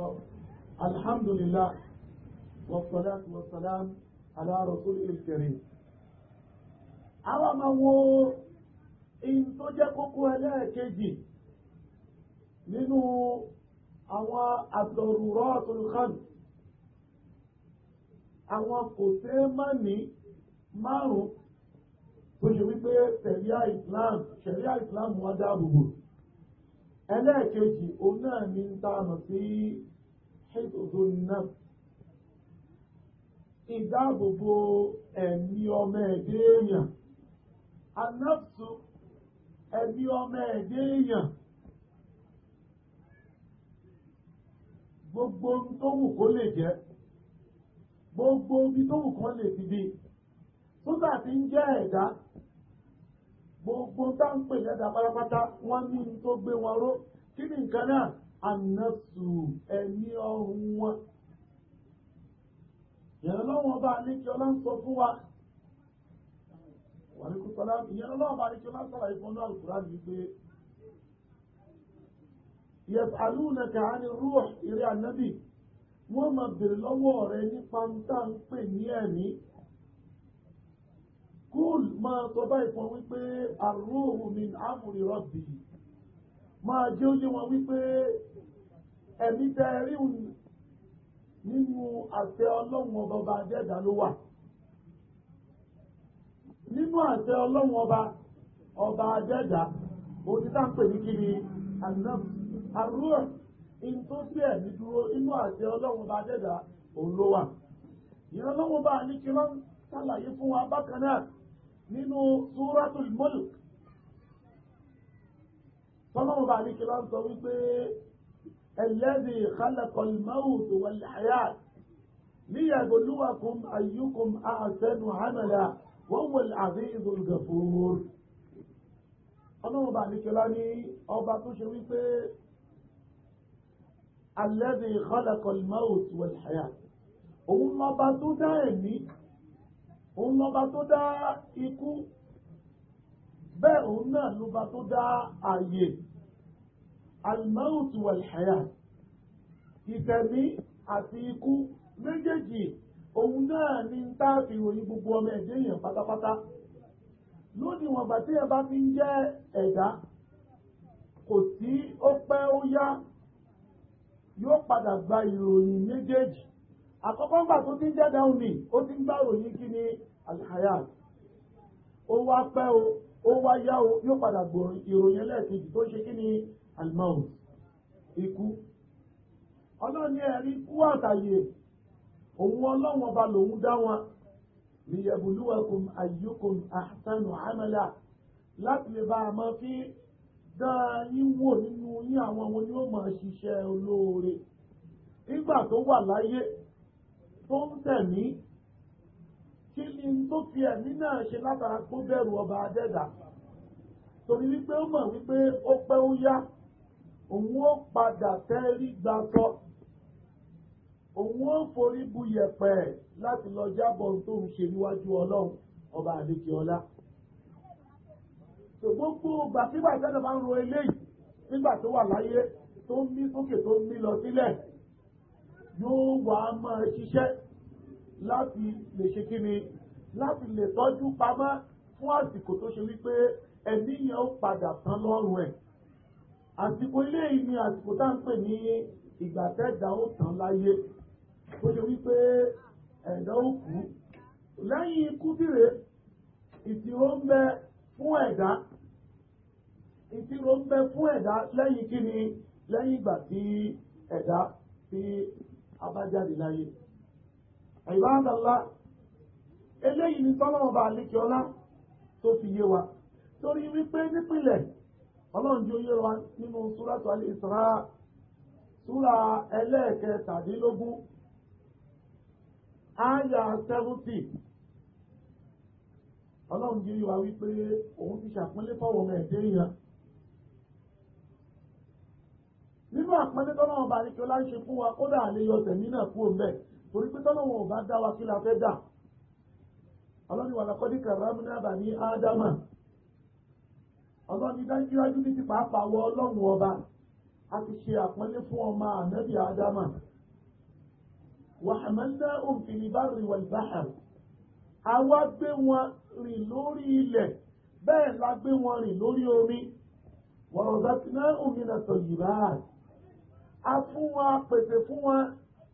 طب. الحمد لله والصلاة والسلام على رسول الكريم àwọn máa wo in tó jẹ́ kókó ẹlẹ́ẹ̀kejì nínú àwọn ad-daruratul khams àwọn kò tẹ́ máa ní márùn tó ṣe wípé ṣẹ̀ríà islam ṣẹ̀ríà islam wọn dáàbòbò ẹlẹ́ẹ̀kejì òun náà ní ń tààmù sí ṣètòtò náà ìdáàbòbò ẹ̀mí ọmọ ẹ̀dẹ́ èèyàn anáfsù ẹ̀mí ọmọ ẹ̀dẹ́ èèyàn gbogbo tó wù kó lè jẹ́ gbogbo ibi tó wù kó lè ti di tó dàbí ń jẹ́ ẹ̀dá gbogbo táǹpẹ̀ yẹn pátápátá wọ́n ní tó gbé wọn ró kí ni nǹkan náà anásù ẹ̀mí ọ̀hún wọn. Ìyẹn lọ́wọ́ bá ní kí ọlá ń sọ fún wa. Wàlíkùsọ́lá ìyẹn lọ́wọ́ bá ní kí ọlá ń sọ̀rọ̀ ìfún náà lùkùrá ní pé. Yas'alunaka 'ani ruh ìrẹ́ ànábì. Wọ́n máa bèrè lọ́wọ́ rẹ nípa ń ń pè ní ẹ̀mí. Kúl máa sọ báyìí fún wípé ar-ruhu min amri rabbi. Máa jẹ́ ó wọn wípé ẹ̀mí tẹ́ ẹ rí òun nínú àṣẹ ọlọ́run ọba ọba adẹ́dà ló wà nínú àṣẹ ọlọ́run ọba ọba adẹ́dà onítàpè ní kí ni àná àrùn ìtòsí ẹ̀mí dúró inú àṣẹ ọlọ́run ọba adẹ́dà òun ló wà ìran lọ́wọ́ bá ní kí wọ́n ṣàlàyé fún wa bákan náà nínú Suratul Mulk tọ́lọ́wọ́ bá ní kí wọ́n sọ wípé. الذي خلق الموت والحياة ليبلوكم أيكم أحسن عملا وهو العزيز الغفور ọlọ́run bá nìkẹ́lá ní ọba tó ṣe wípé alladhi khalaqa al-mawt wal-hayat òun lọ́ba tó dá ẹ̀mí òun lọ́ba tó dá ikú bẹ́ẹ̀ òun náà lọ́ba tó dá ààyè almautu walhaya ìtẹ̀mí àti ikú méjèèjì òun náà ni ń tá fi ròyìn gbogbo ọmọ ẹ̀dẹ́ èèyàn pátápátá lónìí wọn gbà tí ẹ bá fi ń jẹ́ ẹ̀dá kò sí ó pẹ́ ó yá yóò padà gba ìròyìn méjèèjì àkọ́kọ́ gbà tó ti ń jẹ́ dáhùn ni ó ti ń gbá ròyìn kí ni alhayat ó wá pẹ́ o ó wá yá o yóò padà gbòòrò ìròyìn ẹlẹ́ẹ̀kejì tó ṣe kí ni almaut ikú ọlọ́run ní ẹ̀rí kú àtàyè òun ọlọ́run ọba lòun dá wọn liyabuluwakum ayyukum ahsanu amala láti lè bá a mọ fi dáa yín wò nínú yín àwọn wọn ni ó máa ṣiṣẹ́ olóore nígbà tó wà láyé tó ń tẹ̀mí kí ni tó fi ẹ̀mí náà ṣe látara kó bẹ̀rù ọba adẹ́dà torí wípé ó mọ̀ wípé ó pẹ́ ó yá òun ó padà tẹ́rí gba sọ òun ó forí bu yẹ̀pẹ̀ láti lọ jábọ̀ tó ń ṣe níwájú ọlọ́run ọba àlejò ọlá gbogbo gbàtígbà ìtẹ́lẹ̀ máa ń ro eléyìí nígbà tó wà láyé tó ń mí sókè tó ń mí lọ sílẹ̀ yóò wà á máa ṣiṣẹ́ láti lè ṣe kí ni láti lè tọ́jú pamọ́ fún àsìkò tó ṣe wípé ẹ̀mí yẹn ó padà tán lọ́rùn ẹ̀ àsìkò eléyìí ni àsìkò tá à ń pè ní ìgbà tẹ́ẹ̀dá ó tán láyé tó ṣe wípé ẹ̀dá ó kú lẹ́yìn ikú bìrè ìṣirò ń bẹ fún ẹ̀dá ìṣirò ń bẹ fún ẹ̀dá lẹ́yìn kí ni lẹ́yìn ìgbà tí ẹ̀dá tí a bá jáde láyé àìbáńdàlá eléyìí ni sọ́nà ọba àlekíọ́lá tó fi yé wa torí wípé nípìnlẹ̀ ọlọ́run tí ó yé wa nínú súrátù Al-Isra súra ẹlẹ́ẹ̀kẹtàdínlógún áyà sẹ́fúntì ọlọ́run tí ó yé wa wípé òun ti ṣàpọ́nlé fọ́wọ́ mẹ́ẹ̀dẹ́ èèyàn nínú àpọ́nlé tọ́lọ́wọ́n bá ní kí ọlá ń ṣe fún wa kódà àlè yọ tẹ̀mí náà kú òun bẹ́ẹ̀ torí pé tọ́lọ́wọ́n ò bá dá wa kí la fẹ́ dà ọlọ́run wà lọ́kọ́ kàrámù náà bà ní ádámà ọlọ́run ní dájúdájú ní ti pàápàá wọ ọlọ́run ọba a ti ṣe àpọ́nlé fún ọmọ ànábì ádámà wàhámẹ́lá òfin ìbárìn wàlbáhà àwa gbé wọn rìn lórí ilẹ̀ bẹ́ẹ̀ la gbé wọn rìn lórí omi wàrọ̀dàtìná òmìnira tọ̀yìnbá a fún wọn apèsè fún wọn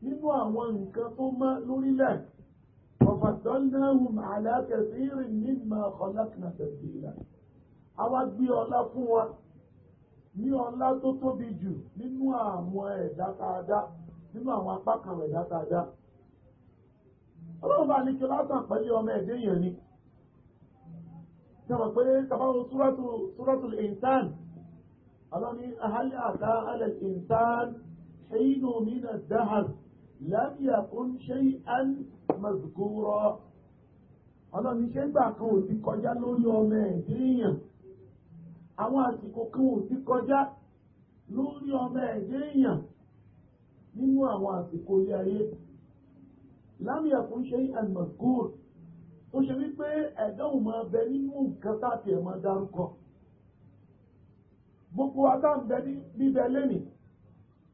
nínú àwọn nǹkan tó mọ́ lórílẹ̀ ọ̀fàtọ́lẹ́hùn àlàkẹ́sì rìn nígbà ọ̀làkìnà tẹ̀síìlà àwa gbé ọlá fún wa ní ọlá tó tóbi jù nínú àwọn ẹ̀dá tààdá nínú àwọn apá kan ẹ̀dá tààdá ọlọ́run bá ní kí lásán pẹ̀lú ọmọ ẹ̀dẹ́ yẹn ni sọ̀rọ̀ pé kàbáwo súrọ́tù ìntàn ọlọ́ni ahálẹ́ àdá alẹ́ ìntàn ṣẹ́yìnú mínà dáhàz lábíyà fún ṣẹ́yìn mazgúrọ̀ ọlọ́ni ṣẹ́gbà kan ò ti kọjá lórí ọmọ ẹ̀dẹ́ yẹn àwọn àsìkò kan ò ti kọjá lórí ọmọ ẹ̀dẹ́ èèyàn nínú àwọn àsìkò ilé ayé lámìyà kò ń ṣe àmọ̀gòrò ó ṣe wípé ẹ̀dọ́ ò máa bẹ nínú nǹkan táàtì ẹ̀ máa dárúkọ gbogbo adáǹbẹ níbẹ̀ lẹ́nìí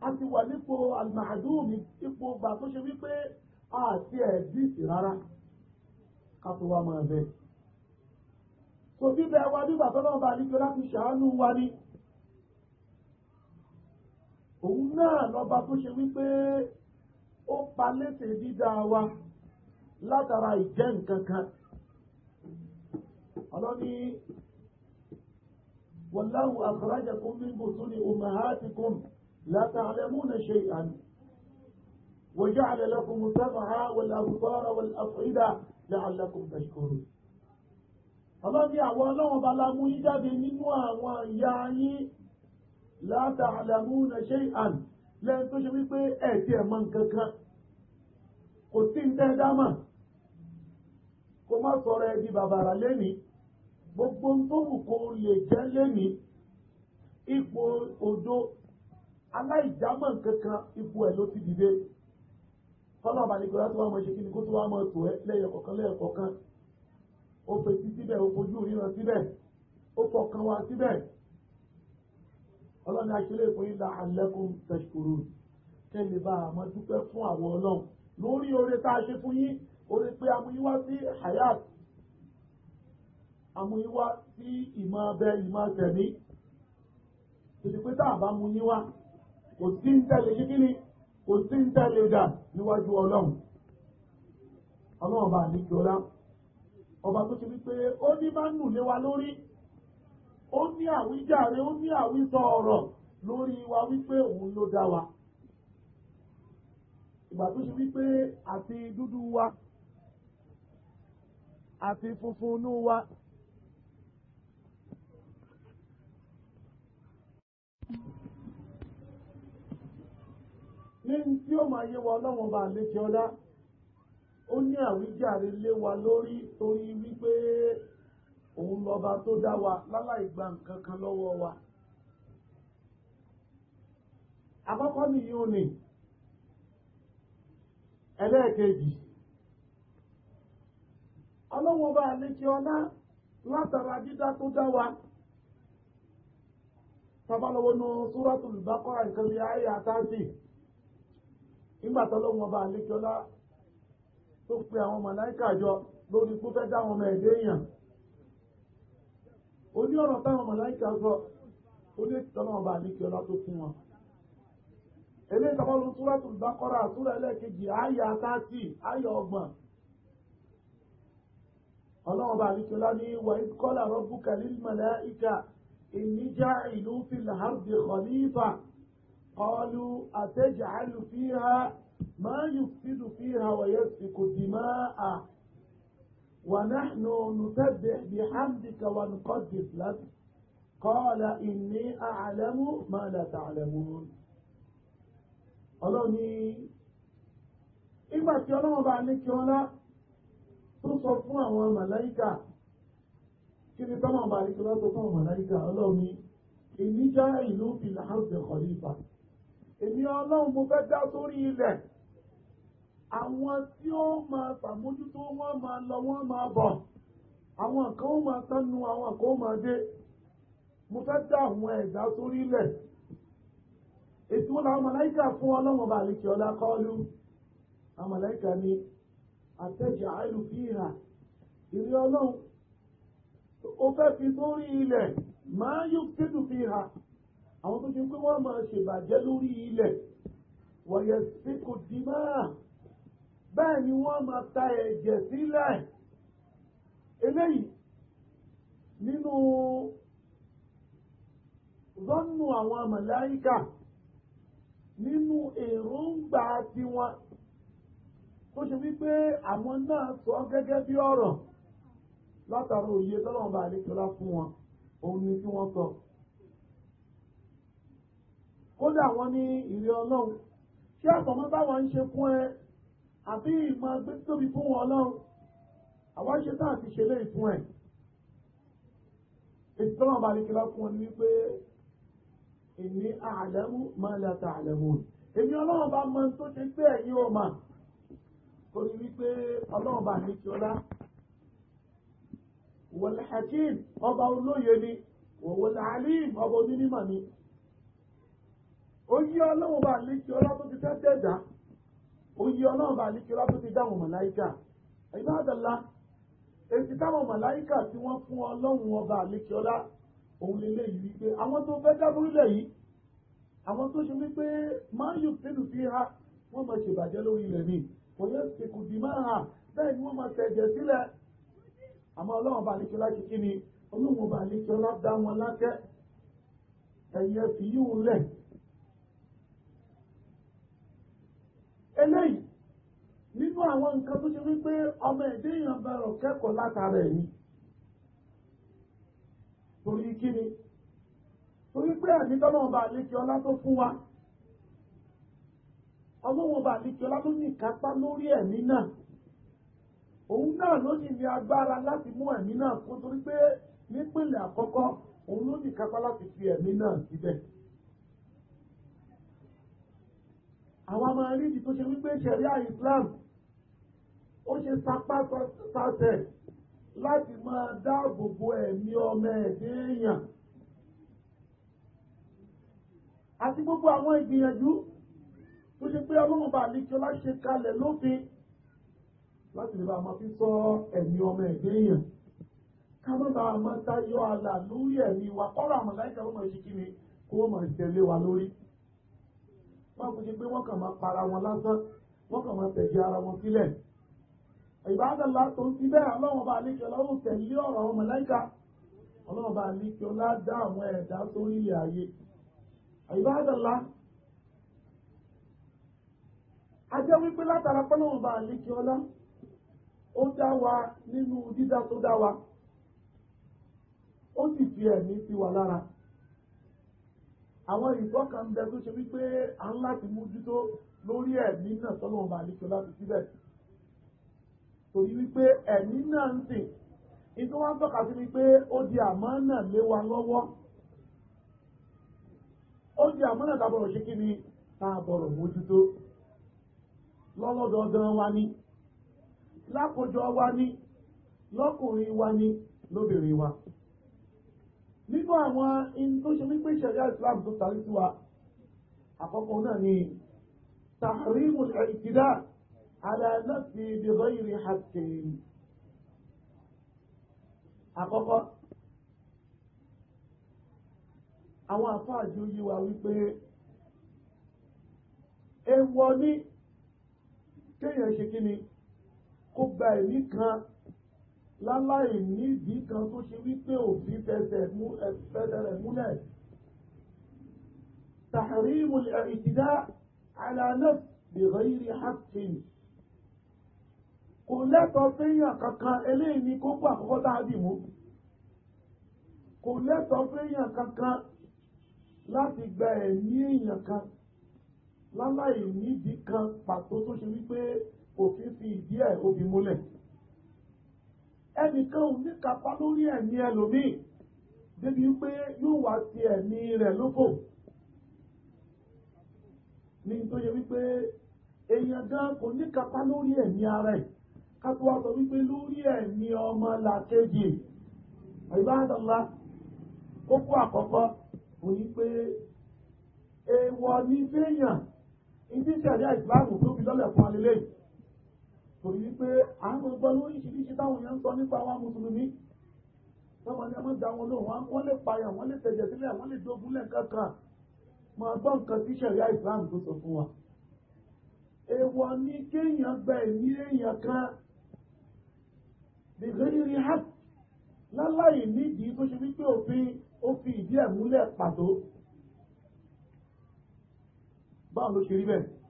a ti wà nípò àlùmáàdúrùmí ipò ọgbà tó ṣe wípé àti ẹ̀díìsì rárá ká tó wá máa bẹ̀ẹ́. so bíbẹ̀ wa nígbà tó náà bá níjọ láti ṣàánú wa ni òun náà lọ́ba tó ṣe wípé ó pa létè dídá wa látara ìjẹ́ nǹkan kan ọlọ́ni wàláhù akhrajakum min butuni ummahatikum la ta'lamuna shay'an وجعل لكم السمع والأبصار والأفئدة لعلكم تشكرون ọlọ́ni àwọn ọlọ́run bá la mú yín jáde nínú àwọn ìyá yín láta àdàmú na ṣe àn lẹ́yìn tó ṣe wípé ẹ̀ẹ́dì ẹ̀mọ nǹkan kan kò tí ń tẹ́ dámà kó má sọ̀rọ̀ ẹ̀dì bàbàrà lẹ́nìí gbogbo tó wù kó lè jẹ́ lẹ́nìí ipò òdo aláìjámọ̀ nǹkan kan ipò ẹ̀ ló ti dìde kọ́lọ́ àbàlẹ̀ kọ́lá tó wà mọ̀ ṣe kí ni kó tó wà mọ̀ tó ẹ lẹ́yọ̀ kọ̀ọ̀kan lẹ́yọ̀ kọ̀ọ̀kan ó fetí síbẹ̀ ó fojú ríran síbẹ̀ ó fọkàn wá síbẹ̀ ọlọ́ni aṣẹ́lẹ̀ fún yín la'allakum tashkurun kẹ́lẹ̀ bá a máa dúpẹ́ fún àwọn ọlọ́run lórí oore tá a ṣe fún yín oore pé amúyíwá sí hayat amúyíwá sí ìmọ̀ abẹ ìmọ̀ tẹ̀mí tètè pé tá a bá mú yín wá kò sí ń tẹ̀lé yín kò sí ń tẹ̀lé dà níwájú ọlọ́run ọlọ́run bá a ní kí ọba tó ṣe wípé ó ní máa ń nù lé wa lórí ó ní àwíjàre ó ní àwísọ ọ̀rọ̀ lórí wa wípé òun ló dá wa ìgbà tó ṣe wípé àti dúdú wa àti funfun inú wa ní tí ó máa yé wa bá ọba àlejò ọlá. ó ní àwíjàre lé wa lórí torí wípé òun lọba tó dá wa láláì gba nǹkan kan wa àkọ́kọ́ nìyí ò ní ẹlẹ́ẹ̀kejì ọlọ́wọ́ bá àlékè ọlá látara dídá wa tabalọ́wọ́ nu Suratul Baqara nǹkan ayé àtàtì nígbà tọ́lọ́wọ́ bá tó pe àwọn màláìkà jọ lórí kó fẹ́ dáwọn ọmọ ẹ̀dẹ́ èèyàn ó ní ọ̀rọ̀ táwọn màláìkà sọ ó ní ìtọ́nà ọba àníkẹ́ ọlá tó fún wọn eléyìí tó bọ́lú túrọ́tù ìdákọ́rà àtúrà ẹlẹ́ẹ̀kejì àyà tààtì àyà ọgbọ̀n ọlọ́run bá àníkẹ́ ọlá ní wà kọ́là rọ́bùkà lil màláìkà ìníjà ìlú fil ardi khalifa qalu àtẹ́jà àlùfíà ما يفسد فيها ويسفك الدماء ونحن نسبح بحمدك ونقدس لك قال إني أعلم ما لا تعلمون ọlọ́ni ìgbà tí ọlọ́run bá ní kí ọlá tó sọ fún àwọn màláíkà kí ni tọ́wọ́n bá ní kí ọlá tó fún àwọn màláíkà ọlọ́ni èmi ìlú ìlà àrùn ìkọ̀lífà èmi ọlọ́run mo fẹ́ dá sórí ilẹ̀ àwọn tí ó máa ṣàmójútó wọ́n máa lọ wọ́n máa bọ̀ àwọn kan ó máa tánu àwọn kan ó máa dé mo fẹ́ dá àwọn ẹ̀dá sórí ilẹ̀ ètò làwọn màláìkà fún ọlọ́wọ́n bá lè kí ọlá ni àìlù fi hà ọlọ́run ó fẹ́ fi sórí ilẹ̀ máa yóò fi hà bẹ́ẹ̀ ni wọ́n máa ta ẹ̀jẹ̀ sílẹ̀ eléyìí nínú zọ́nù àwọn màláíkà nínú èròǹgbà tiwọn tó ṣe wípé àwọn náà sọ gẹ́gẹ́ bí ọ̀rọ̀ látara òye tọ́lọ́mọba àlejòlá fún wọn òun ni tí wọ́n sọ kódà wọ́n ní ìrẹ́ ọlọ́run ṣé àtọ̀mọ́ báwọn ń ṣe fún ẹ àbí ìmọ̀ gbé tóbi fún wọn ọlọ́run àwọn ṣe tá àti ṣe léyìí fún ẹ̀ ètò tọ́lọ́mọba àdékẹ́lá fún wọn ní pé inni a'lamu ma la ta'lamun èmi ọlọ́run bá mọ tó ṣe pé ẹ̀yin ò mà torí wípé ọlọ́run bá ní kíọ́lá wal hakim ọba olóye ni wal alim ọba onímọ̀ ni ó yí ọlọ́run bá ní kíọ́lá tó ti fẹ́ tẹ̀dá oyè ọlọ́run bá àlejò ọlá tó ti dáhùn màláìkà ìbádàlá èsì táwọn màláìkà tí wọ́n fún ọlọ́run ọba àlejò ọlá òun lélẹ̀ yìí wípé àwọn tó fẹ́ dábúrúlẹ̀ yìí àwọn tó ṣe wípé máa yù fi ha wọ́n máa ṣèbàjẹ́ lórí rẹ̀ ni kò yẹ kò dì máa hà bẹ́ẹ̀ ni wọ́n máa tẹ̀jẹ̀ sílẹ̀ àmọ́ ọlọ́run bá àlejò ọlá kí ni ọlọ́run bá àlejò dá wọn lákẹ́ ẹ̀yẹ fi yíwù lẹ̀ eléyìí nínú àwọn nǹkan tó ṣe wípé ọmọ ẹ̀dẹ́ èèyàn bẹ̀rọ̀ kẹ́kọ̀ọ́ látara ẹ̀yìn torí kíni torí pé ẹ̀mí tọ́lọ́wọ́n bá lékè ọlá tó fún wa ọlọ́wọ́n bá lékè ọlá tó ní ìkápá lórí ẹ̀mí náà òun náà ló sì ní agbára láti mú ẹ̀mí náà kó torí pé nípìnlẹ̀ àkọ́kọ́ òun ló ní ìkápá láti fi ẹ̀mí náà síbẹ̀. Si àwa máa rí ìdí tó ṣe wípé ṣẹ̀ríà Islam ó ṣe sapá sasẹ̀ láti máa dáàbò bo ẹ̀mí ọmọ ẹ̀dẹ́ èèyàn àti gbogbo àwọn ìgbìyànjú tó ṣe pé ọlọ́run bá àlejò láṣẹ kalẹ̀ lófin láti lè bá máa fi sọ ẹ̀mí ọmọ ẹ̀dẹ́ èèyàn ká má bàa máa tayọ àlà lórí ẹ̀mí wa kọ́ra àmàlà ìjà ó máa ṣe kí ni máa tẹ̀lé wa lórí báwo ṣe pé wọ́n kàn máa para wọn lásán wọ́n kàn máa tẹ̀jẹ̀ ara wọn sílẹ̀ ìbádàlá tó ń ti bẹ́ẹ̀ ọlọ́run bá lékè ọlọ́run tẹ̀lé ọ̀rọ̀ ọmọ màláíkà ọlọ́run bá lékè ọlá dá àwọn ẹ̀dá sórí ilẹ̀ ayé ìbádàlá a jẹ́ wípé látara pọ́lọ́run bá lékè ọlá ó dá wa nínú dídá tó dá wa ó sì fi ẹ̀mí sí wa lára. àwọn ìtọ́ka ń bẹ tó ṣe wípé a ń láti mójútó lórí ẹ̀mí náà sọ́lọ́wọ́n bá àlejò láti síbẹ̀ torí wípé ẹ̀mí náà ń sìn wá sí wípé ó di àmọ́ náà lé di àmọ́ náà tábọ̀rọ̀ ṣe kí ni tábọ̀rọ̀ mójútó ni lákòjọ wa ni lọ́kùnrin wa ni lóbìnrin wa. nínú àwọn in tó wípé ìṣẹ̀dá islam tó tàbí sí wa àkọ́kọ́ náà ni tahrimul ìtìdá ala nafsi bi ghayri haqqin àkọ́kọ́ àwọn àfáàjì ó yí wa wípé èèwọ̀ ní kéèyàn ṣe kí ni kó gba ẹ̀mí kan láláì nídìí kan tó ṣe wípé òfin fẹsẹ̀ rẹ̀ múlẹ̀. تحريم الاعتداء على نفس بغير حق kò lẹ́tọ̀ọ́ fẹ́yàn kankan eléyìí ni kókó àkọ́kọ́ dáadì mú kò lẹ́tọ̀ọ́ fẹ́yàn kankan láti gba ẹ̀mí èèyàn kan láláì nídìí kan pàtó tó ṣe wípé òfin fi ìdí ẹ̀ òbí múlẹ̀ ẹnìkan ò ní kápá lórí ẹ̀mí ẹlòmíì débi pé yóò wá ti ẹ̀mí rẹ̀ lófò ní tó yẹ wípé èèyàn gan kò ní kápá lórí ẹ̀mí ara ẹ̀ ká tó wá sọ wípé lórí ẹ̀mí ọmọ làkejì ìbádọ́lá kókó àkọ́kọ́ kò ní pé èèwọ̀ ní fẹ́yàn ìdíṣẹ̀lẹ̀ ìsìláàmù tóbi lọ́lẹ̀ fún alẹ́lẹ́yìn torí pé à ń gbọ́ lóríṣiríṣi táwọn èèyàn ń sọ nípa wa mùsùlùmí sọmọ ni a máa da wọn lóhùn wọn lè payà wọn lè tẹ̀jẹ̀ sílẹ̀ wọn lè dogun lẹ́ẹ̀kankan máa gbọ́ nǹkan tí sẹ̀ríà Islam tó sọ fún wa. èèwọ̀ ni kéèyàn gba ẹ̀mí èèyàn kan bìgẹ́rì hàt láláì nídìí tó ṣe wípé òfin ó fi ìdí ẹ̀ múlẹ̀ pàtó. báwo ló ṣe rí bẹ́ẹ̀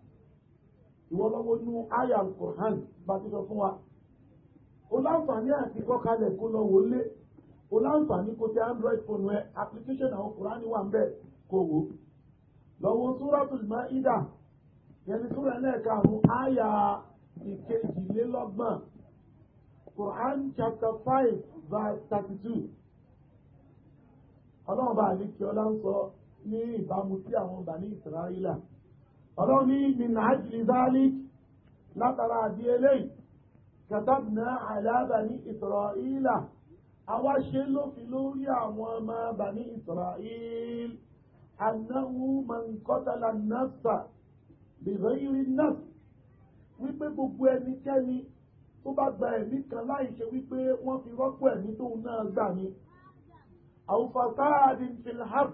ìwọ lọ́wọ́ inú àyà Al-Qur'an bá ti sọ fún wa o láǹfààní àti kọ́kalẹ̀ kó lọ wò lé o láǹfààní kó tẹ android phone rẹ application àwọn Qur'an wà ń bẹ̀ kó wò ó lọ́wọ́ Suratul Maida yẹni súra ẹlẹ́ẹ̀karùn-ún àyà ìkejìlélọ́gbọ̀n Qur'an chapter five verse thirty two ọlọ́run bá àlekí ọlá ń sọ ní ìbámu sí àwọn bàní Israẹla ọlọ́run ní minhajri zalik látara àdí eléyìí katabna ala bani isra'ila àwa ṣe lófin lórí àwọn ọmọ bani isra'il annahu man qatala nafsa bighayri nafs wípé gbogbo ẹnikẹ́ni tó bá gba ẹ̀mí kan láì ṣe wípé wọ́n fi rọ́pò ẹ̀mí tóun náà gbà ní. àwùfàkáàdì fìlhàp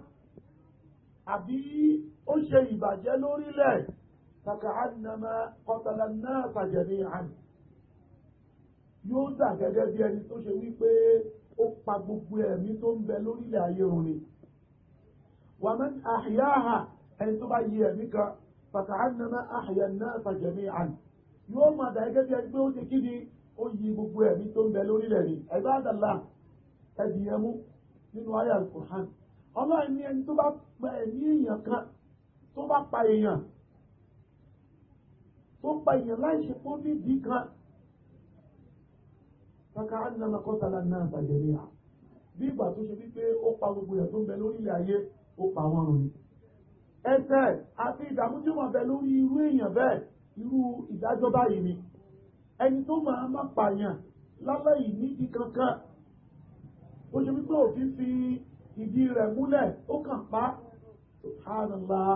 àbí ó ṣe ìbàjẹ́ lórílẹ̀ takahannama qatala an-nasa jami'an yóò dà gẹ́gẹ́ bí ẹni tó ṣe wípé ó pa gbogbo ẹ̀mí tó ń bẹ lórílẹ̀ ayé òun ni wa man ahyaha ẹni tó bá yẹ ẹ̀mí kan takahannama ahya an-nasa jami'an yóò máa dà gẹ́gẹ́ bí ẹni pé ó ṣe kí ni ó yí gbogbo ẹ̀mí tó ń bẹ lórílẹ̀ ni ẹ̀gbá àdàlà ẹ̀dìyẹmú nínú ayé al-Qur'an ọlọ́run ní ẹni tó bá pa ẹ̀mí èèyàn kan tó bá pa èèyàn tó pa èèyàn láì ṣe kó nídìí kan kàkà ánàmà kọ́tàlá náà bàjẹ́rí à bí ìgbà tó ṣe wípé ó pa gbogbo èèyàn tó ń bẹ lórí ilẹ̀ ayé ó pa wọn rùn ni ẹsẹ̀ àti ìdààmú tí ó máa bẹ lórí irú èèyàn bẹ́ẹ̀ irú ìdájọ́ báyìí ni ẹni tó máa má pààyàn lábẹ́ ìnídìí kankan ó ṣe wípé òfin fi ìdí rẹ̀ múlẹ̀ ó kàn pa subhanallah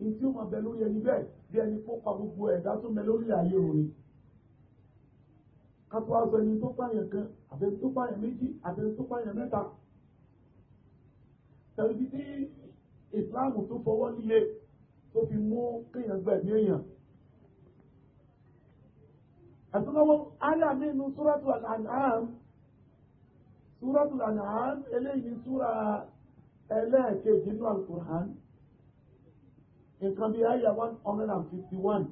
ní tí ó máa bẹ lórí ẹni bẹ́ẹ̀ bí ẹni kó pa gbogbo ẹ̀dá tó mẹ lórí ayé òní kápá aṣọ ẹni tó pààyàn kan àbẹni tó pààyàn méjì àbẹni tó pààyàn mẹ́ta tẹ̀lifí tí ìsìláàmù tó fọwọ́ líle tó fi mú kéèyàn gbẹ̀mí èèyàn ẹ̀sùn lọ́wọ́ ayé àmì inú sóràtù àlàáhàm Súrọ́tù Al-An'am eléyìí súra ẹlẹ́ẹ̀kejì nínú Al-Qur'an. Nǹkan bíi àyà one hundred and fifty one.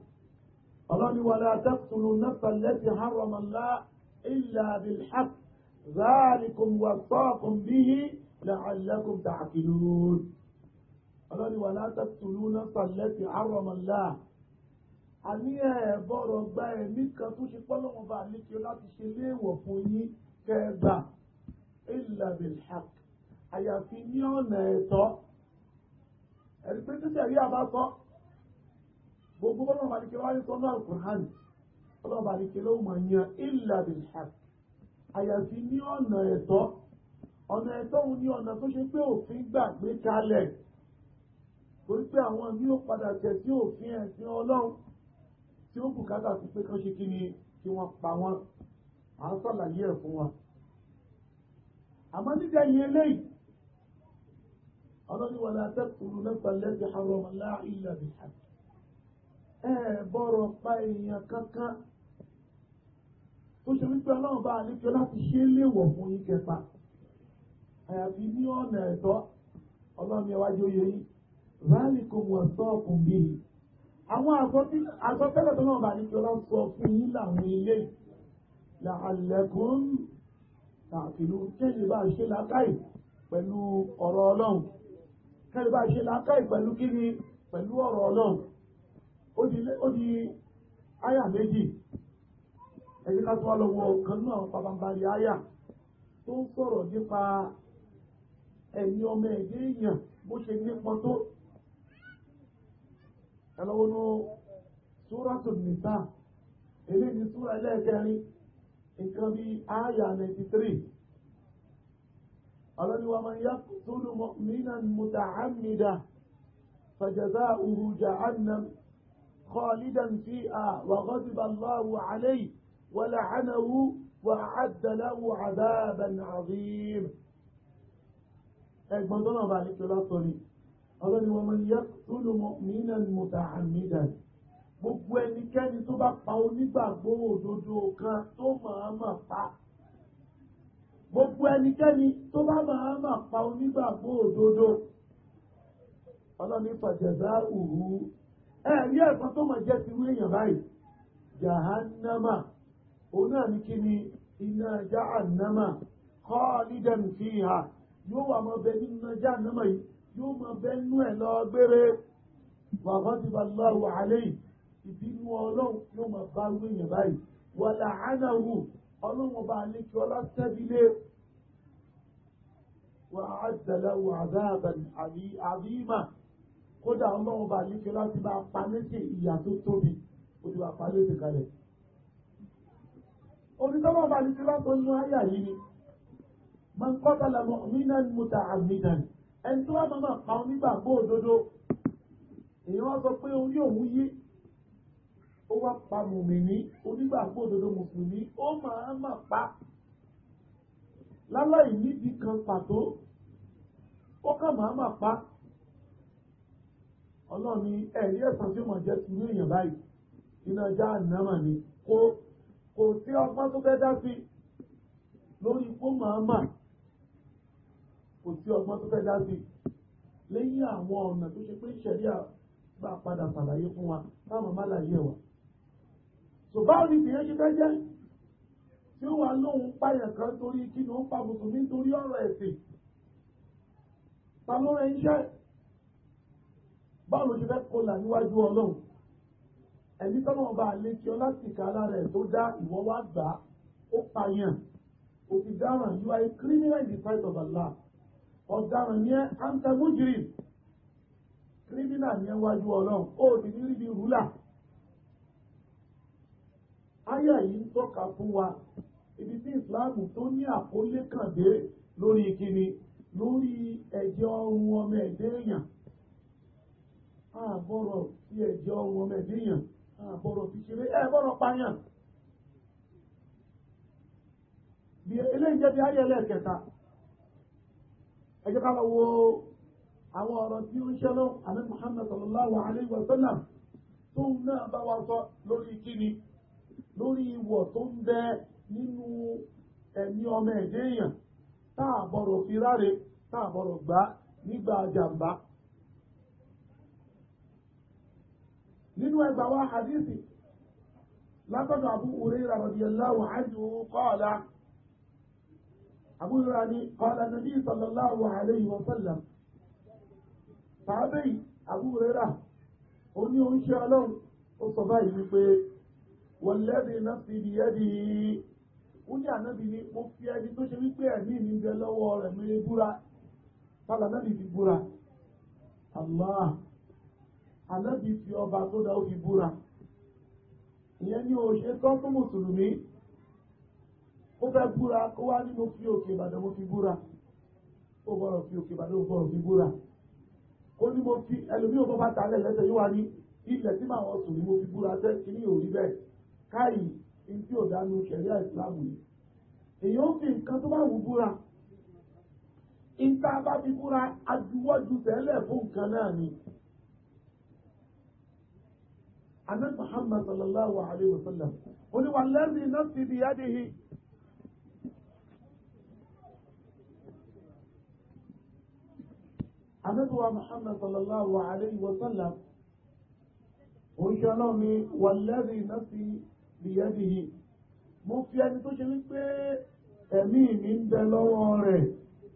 Ọlọ́ni wa la taqtulu nafsa allati harrama Allah illa bil-haqq. Zalikum wasaakum bihi la'allakum ta'qilun. Ọlọ́ni wa la taqtulu nafsa allati harrama Allah àní ẹ bọ̀rọ̀ gba ẹ̀mí kan tó ṣe pọ́lọ́wọ́n bá àlékè láti ṣe léèwọ̀ fún yín kẹ́ ẹ gbà illa bil haqq àyàfi ní ọ̀nà ẹ̀tọ́ ẹ̀rí pé títẹ̀ rí àbákọ́ gbogbo ọlọ́run àdìkẹ́ wá ní sọ́nà al-Qur'an ọlọ́run àdìkẹ́ ló mọ̀ yan illa bil haqq àyàfi ní ọ̀nà ẹ̀tọ́ ọ̀nà ẹ̀tọ́ òun ní ọ̀nà tó ṣe pé òfin gbàgbé kalẹ̀ torí pé àwọn mi ò padà tẹ̀ sí òfin ẹ̀sìn ọlọ́run tí ó bùkátà sí pé kán ṣe kí ni kí wọ́n pa wọ́n à ń ẹ̀ fún wọn. àmọ́ nígbà yẹn lẹ́yìn ọlọ́ni wà látẹ́kùrú lẹ́fà lẹ́bí àwọn aláìlà bí pa èèyàn kankan ó ṣe wípé ọlọ́run bá láti ṣe léèwọ̀ fún yín kẹfà àyàfi ní ọ̀nà ẹ̀tọ́ ọlọ́run ẹwájú oyè yín ráàlì kò mọ̀ ọ̀tọ́ ọkùnrin bí i àwọn àsọtẹ́lẹ̀ tó náà bá tààtìlú kéde bá ṣe lákàì pẹ̀lú ọ̀rọ̀ ọlọ́run kéde bá ṣe lákàì pẹ̀lú kíni pẹ̀lú ọ̀rọ̀ ọlọ́run ó di áyà méjì ẹ̀yí ká tó wá lọ́wọ́ kan náà pàpàǹbarì áyà tó ń sọ̀rọ̀ nípa ẹ̀yin ọmọ ẹ̀dẹ́ èèyàn bó ṣe nípọn tó ẹlọ́wọ́nú súrátù nìta eléyìí súrà ẹlẹ́ẹ̀kẹrin nǹkan bíi àyà ninety three ọlọ́niwa máa ń yaqtul mu'minan muta'ammida fajaza'uhu jahannam khalidan fiha wa ghadiba Allahu alayhi wa la'anahu wa a'adda lahu 'adaban 'azim ẹgbọ́n tó náà bá ní kí ọlá sọ ni ọlọ́niwa máa ń yaqtul mu'minan muta'ammidan. gbogbo ẹnikẹ́ni tó bá pa onígbàgbọ́ òdodo kan tó màámà pa gbogbo ẹnikẹ́ni tó bá màámà pa onígbàgbọ́ òdodo ọlọ́ni pàjẹ́dá òhù ẹ̀rí ẹ̀kan tó mọ̀ jẹ́ ti wí èèyàn báyìí jahannama òun náà ní kí ni iná jahannama khalidan fiha yóò wà mọ́ bẹ nínú jahannama yìí yóò mọ́ bẹ nú ẹ̀ lọ gbére wàhọ́dìbà lọ́wọ́ àlẹ́yìn ìbínú ọlọ́run yóò máa bá irú èèyàn báyìí wàlà ánáwù ọlọ́run ọba àlékí ọlá tẹ́bílé wà á dàlẹ́ wà dáàbà àbí àbímà kódà ọlọ́run ọba àlékí ọlá ti bá palékè ìyà tó tóbi ó ti bá palékè kalẹ̀. onítọ́lọ́ ọba àlékí ọlá tó inú ayà yìí ni máa ń kọ́ta làmọ́ mínán múta àmínán ẹni tó wà máa pa onígbàgbọ́ òdodo èèyàn wá sọ pé orí òun yé ó wá pa mùmìnì onígbàgbọ́ òdodo mùsùlùmí ó máa má pa láláì nídìí kan pàtó ó kà máa má pa ọlọ́ni ẹ̀rí ẹ̀sán tí mo jẹ́ ti ní èèyàn báyìí iná já ànámà ni kò kò sí ọgbọ́n tó fẹ́ dá sí lórí ikú màámà kò sí ọgbọ́n tó fẹ́ dá sí lẹ́yìn àwọn ọ̀nà tó ṣe pé ìṣẹ̀rí àgbà padà ṣàlàyé fún wa táwọn máa láyé wa so báwo ni tìyẹn ṣe fẹ́ jẹ́ tí ó wà lóhun páyàn kan torí kí ni ó pa mùsùlùmí nítorí ọ̀rọ̀ ẹ̀sìn ta ló rẹ iṣẹ́ báwo ló ṣe fẹ́ kọlà níwájú ọlọ́run ẹ̀mí tọ́nà ọba àlékí ọ láti kà á lára ẹ̀ tó dá ìwọ wá gbà á ó pààyàn ó ti dáràn you are a criminal in the sight of Allah ọ̀daràn ni ẹ́ antamujiri criminal ni ẹ́ wájú ọlọ́run ó ti ní rí bí rúlà. Aya yìí ń tọ́ka fún wa ibi tí ìsìláàmù tó ní àkólé kàn dé lórí kíni lórí ẹ̀jẹ̀ ọrùn ọmọ ẹ̀dẹ́ èèyàn. Àbọ̀rọ̀ sí ẹ̀jẹ̀ ọrùn ọmọ ẹ̀dẹ́ èèyàn. Àbọ̀rọ̀ fi ṣeré ẹ̀ bọ̀rọ̀ pààyàn. Bí eléyìí jẹ́ bí áyà ẹlẹ́ẹ̀kẹta. Ẹ jẹ́ ká lọ wo àwọn ọ̀rọ̀ tí ó ń ṣẹlọ́ àmì Muhammad sallallahu alayhi wa sallam tó ń náà bá wa sọ lórí kíni. lórí ìwọ̀ tó ń bẹ nínú ẹ̀mí ọmọ ẹ̀dẹ́ èèyàn táà bọ̀rọ̀ fi ráre táà gba gbá nígbà nínú ẹgbà wa hadithi látọ̀dọ̀ Abu Hurairah radiyallahu anhu qala Abu Hurairah ni qala nabi sallallahu alayhi wa sallam sàábẹ́yì Abu Hurairah ó ní oúnjẹ ọlọ́run ó sọ báyìí wípé والذي نفسي بيده ó ní ànábì ní mo fi ẹni tó ṣe wípé ẹ̀mí mi lọwọ lọ́wọ́ rẹ̀ mi búra tálà ànábì fi búra Allah ànábì fi ọba tó dá fi búra ìyẹn ni o tán fún mùsùlùmí ó fẹ́ búra ó wá ní fi mo fi búra fi ó ní mo fi ẹlòmíì ò bá ta lẹ́sẹ̀ yóò wá ní ilẹ̀ tí màá wọ́n sùn fi búra sẹ́ ò rí bẹ́ẹ̀. káyì ibi òdánù ṣẹ̀ríà ìsìláàmù yìí èyí ó fi nǹkan tó bá wù búra ìta bá fi búra ajuwọ́jú tẹ́lẹ̀ fún nǹkan náà ni. Anas Muhammad sallallahu alayhi wa sallam ó ní wà lẹ́rìí náà ti di yádìí. Anas Muhammad sallallahu alayhi wa sallam ó ọlọ́run ní wà lẹ́rìí náà ti yádìí bìyẹ́bì yìí mo fi ẹni tó ṣe wípé ẹ̀mí mi ń bẹ lọ́wọ́ rẹ̀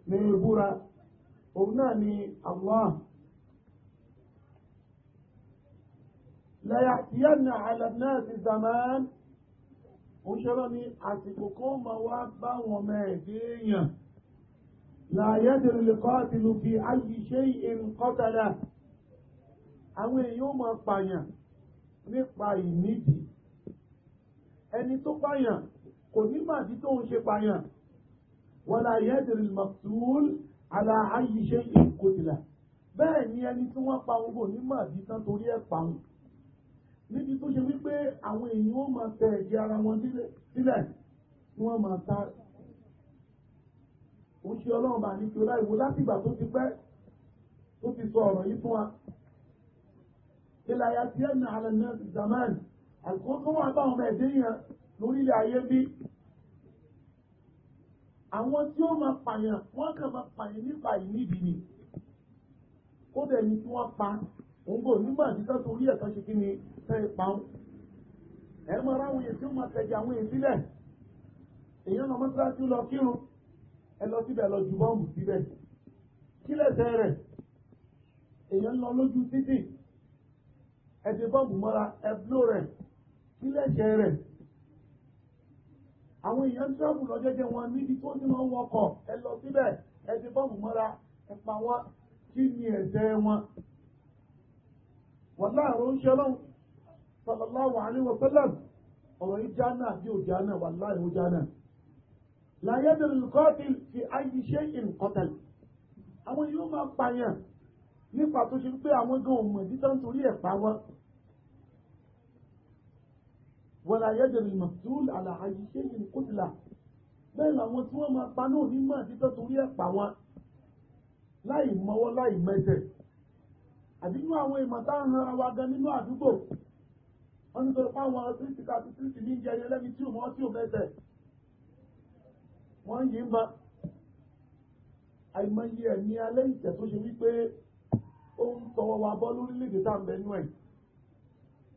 ní ìbúra òun náà ni Allah lẹ́yàtíyànà àlànáà ti zaman òun ṣe rọ́ ni àsìkò kó ma wá bá wọn mẹ́ẹ̀dẹ́yàn la yadri al-qatilu fi ayyi shay'in àwọn èèyàn ó máa pààyàn nípa ìnídìí ẹni tó pààyàn kò ní màdí tó ń ṣe pààyàn wala yadri al-maqtul ala ayyi shay'in qutila bẹ́ẹ̀ ni ẹni tí wọ́n pa ogun ní màdí tán torí ẹ̀ pa wọn níbi tó ṣe wípé àwọn èèyàn ó máa tẹ ẹ̀jẹ̀ ara wọn sílẹ̀ tí wọ́n máa ta oṣù ọlọ́run bá ní kí o láìwo látìgbà tó ti pẹ́ tó ti sọ ọ̀rọ̀ yìí fún wa. ìlàyà tí nà àlẹ́ náà ti zamani àkókò tó wà báwọn ọmọ ẹ̀dẹ́ yẹn lórílẹ̀ ayé bí àwọn tí ó máa pààyàn wọ́n kàn máa pààyàn nípa ìníbi ni kódà ẹni tí wọ́n pa òun kò nígbà tí sọ́tò orí ẹ̀ka ṣe kí ni fẹ́ pa ọ́n ẹ̀ máa ráwọn èyí tí ó máa tẹ̀jẹ̀ àwọn èyí sílẹ̀ èèyàn lọ mọ́tíráṣí lọ kírun ẹ lọ síbẹ̀ lọ ju bọ́ọ̀mù síbẹ̀ kílẹ̀ tẹ́ rẹ̀ èèyàn lọ lójú títì ẹ ti bọ́ọ̀mù mọ́ra ẹ bló rẹ̀ sílẹ̀ṣẹ̀ rẹ̀ àwọn èèyàn tíráàbù lọ jẹ́jẹ́ wọn níbi tó ti máa ń wọkọ̀ ẹ lọ síbẹ̀ ẹ ti fọ́ọ̀mù mọ́ra ẹ pa wọn kí ni ẹ̀ṣẹ̀ wọn. wọ́n láàárọ̀ ń ṣe ọlọ́run sallallahu alaihi wa sallam ọ̀rọ̀ yìí jánà bí ò jánà wallahi ó jánà. la yadri al-qatil fi ayyi shay'in qatal. àwọn yóò máa pààyàn nípa tó ṣe pé àwọn gan ò mọ̀ wọ́n ayẹ́dẹ̀rẹ̀ ìmọ̀túrúlù àlàáyé ṣé ní kódìlà bẹ́ẹ̀ làwọn tí wọ́n máa paná òní máa títọ́ torí ẹ̀ pa wọn láì mọ́wọ́ láì mẹ́sẹ̀ àdínú àwọn ìmọ̀ ń hanra wa gan nínú àdúgbò wọ́n ní sọ̀rọ̀ fáwọn tírísì káàtì tírísì ní jẹ ẹyẹ lẹ́ni tí ò mọ́ tí ò mẹ́sẹ̀ wọ́n yìí mọ́ àìmọye ẹ̀mí alẹ́ ìtẹ̀ tó ṣe wípé ó ń tọwọ́ wa bọ́ lórílẹ̀-èdè tá à ń bẹ nú ẹ̀yìn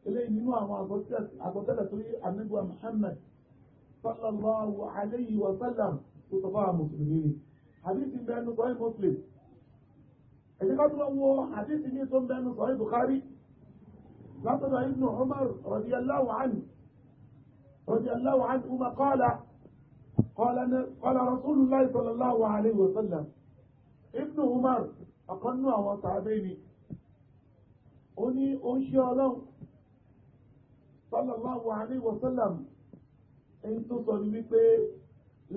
إليه نوع أقول النبوة محمد صلى الله عليه وسلم وطفاء مسلمين حديث بأنه صحيح مسلم إذا قد هو حديث ميتون بأنه صحيح بخاري نصر ابن عمر رضي الله عنه رضي الله عنه ما قال قال قال رسول الله صلى الله عليه وسلم ابن عمر أقنوا وصعبيني أني أنشي الله sallallahu alayhi wa sallam ẹni tó sọ ní wípé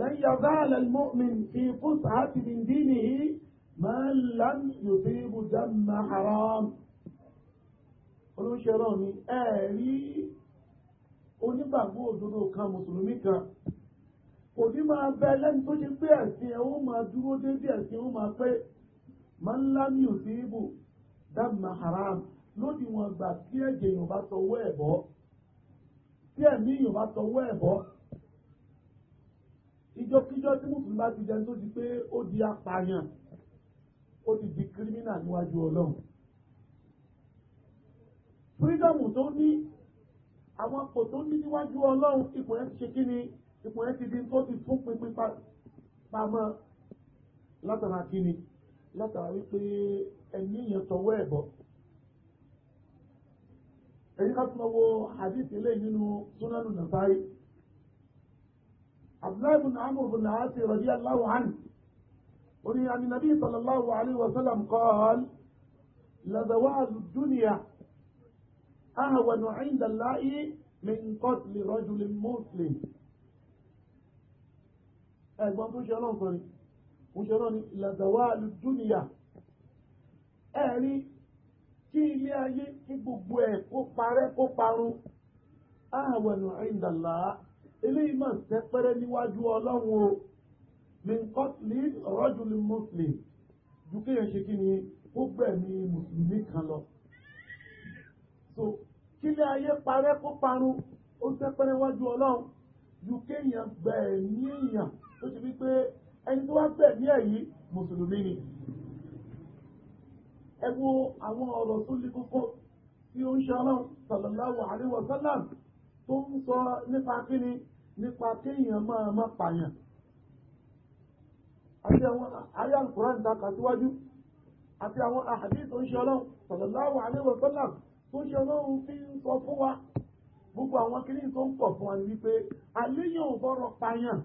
lan yazala al-mu'min fi fus'ati min dinihi ma lam yutibu damma haram olóṣèlú mi ẹ̀ẹ́rí onígbàgbọ́ òdodo kan mùsùlùmí kan kò ní máa bẹ lẹ́nu tó ṣe pé ẹ̀sìn ẹ̀ ó máa dúró dédé ẹ̀sìn ó máa pé máa ń lámì òsínbù dáàmà haram lódiwọ̀n gbà kí ẹ̀jẹ̀ èèyàn sọ owó ẹ̀ bọ́ tí ẹ̀mí yìí bá tọwọ́ ẹ̀ bọ́ ìjọkíjọ tí mùsùlùmí bá ti jẹun tó di pé ó di apààyàn ó ti di kírímínà níwájú ọlọ́run fírídọ̀mù tó ní àwọn kò tó ní níwájú ọlọ́run ipò yẹn ti ṣe kí ni ipò yẹn ti di tó ti tún pinpin pamọ́ látara kí ni látara wípé ẹ̀mí yẹn tọwọ́ ẹ̀ bọ́. èyí ká tún wo hadith ilé nínú súnánù nàfáì abdullahi bin amr bin aasi radiyallahu anhu oní àni nàbí sallallahu alayhi wa sallam qala lazawaalu dunya ahwanu inda Allahi min qatli rajulin muslim ẹ̀gbọ́n tó ṣe ọlọ́nkọrin òṣèré ni lazawaalu dunya ẹ̀rí kí ilé ayé kí gbogbo ẹ̀ kó parẹ́ kó parun ahwanu indala eléyìí máa ń tẹ́ pẹ́rẹ́ níwájú ọlọ́run o min qatli rajul muslim ju kéèyàn ṣe kí ni ó gbẹ̀mí mùsùlùmí kan lọ. so kílé ayé parẹ́ kó parun ó tẹ́ pẹ́rẹ́ wájú ọlọ́run ju kéèyàn gbẹ̀mí èèyàn tó ti wí pé ẹni tó wá gbẹ̀mí ẹ̀ yìí mùsùlùmí ni ẹ wo àwọn ọ̀rọ̀ tó le kókó tí ó ń ṣe ọlọ́run sallallahu alaihi wa sallam tó ń sọ nípa kíni nípa kéèyàn máa má pààyàn. àti àwọn ayé Al-Qur'an ń takà síwájú àti àwọn àhàdí tó ń ṣe ọlọ́run sallallahu alaihi wa sallam tó ń ṣe ọlọ́run fi ń sọ fún wa gbogbo àwọn kìíní tó ń pọ̀ fún wa ni wípé àléyàn ò bọ́rọ̀ pààyàn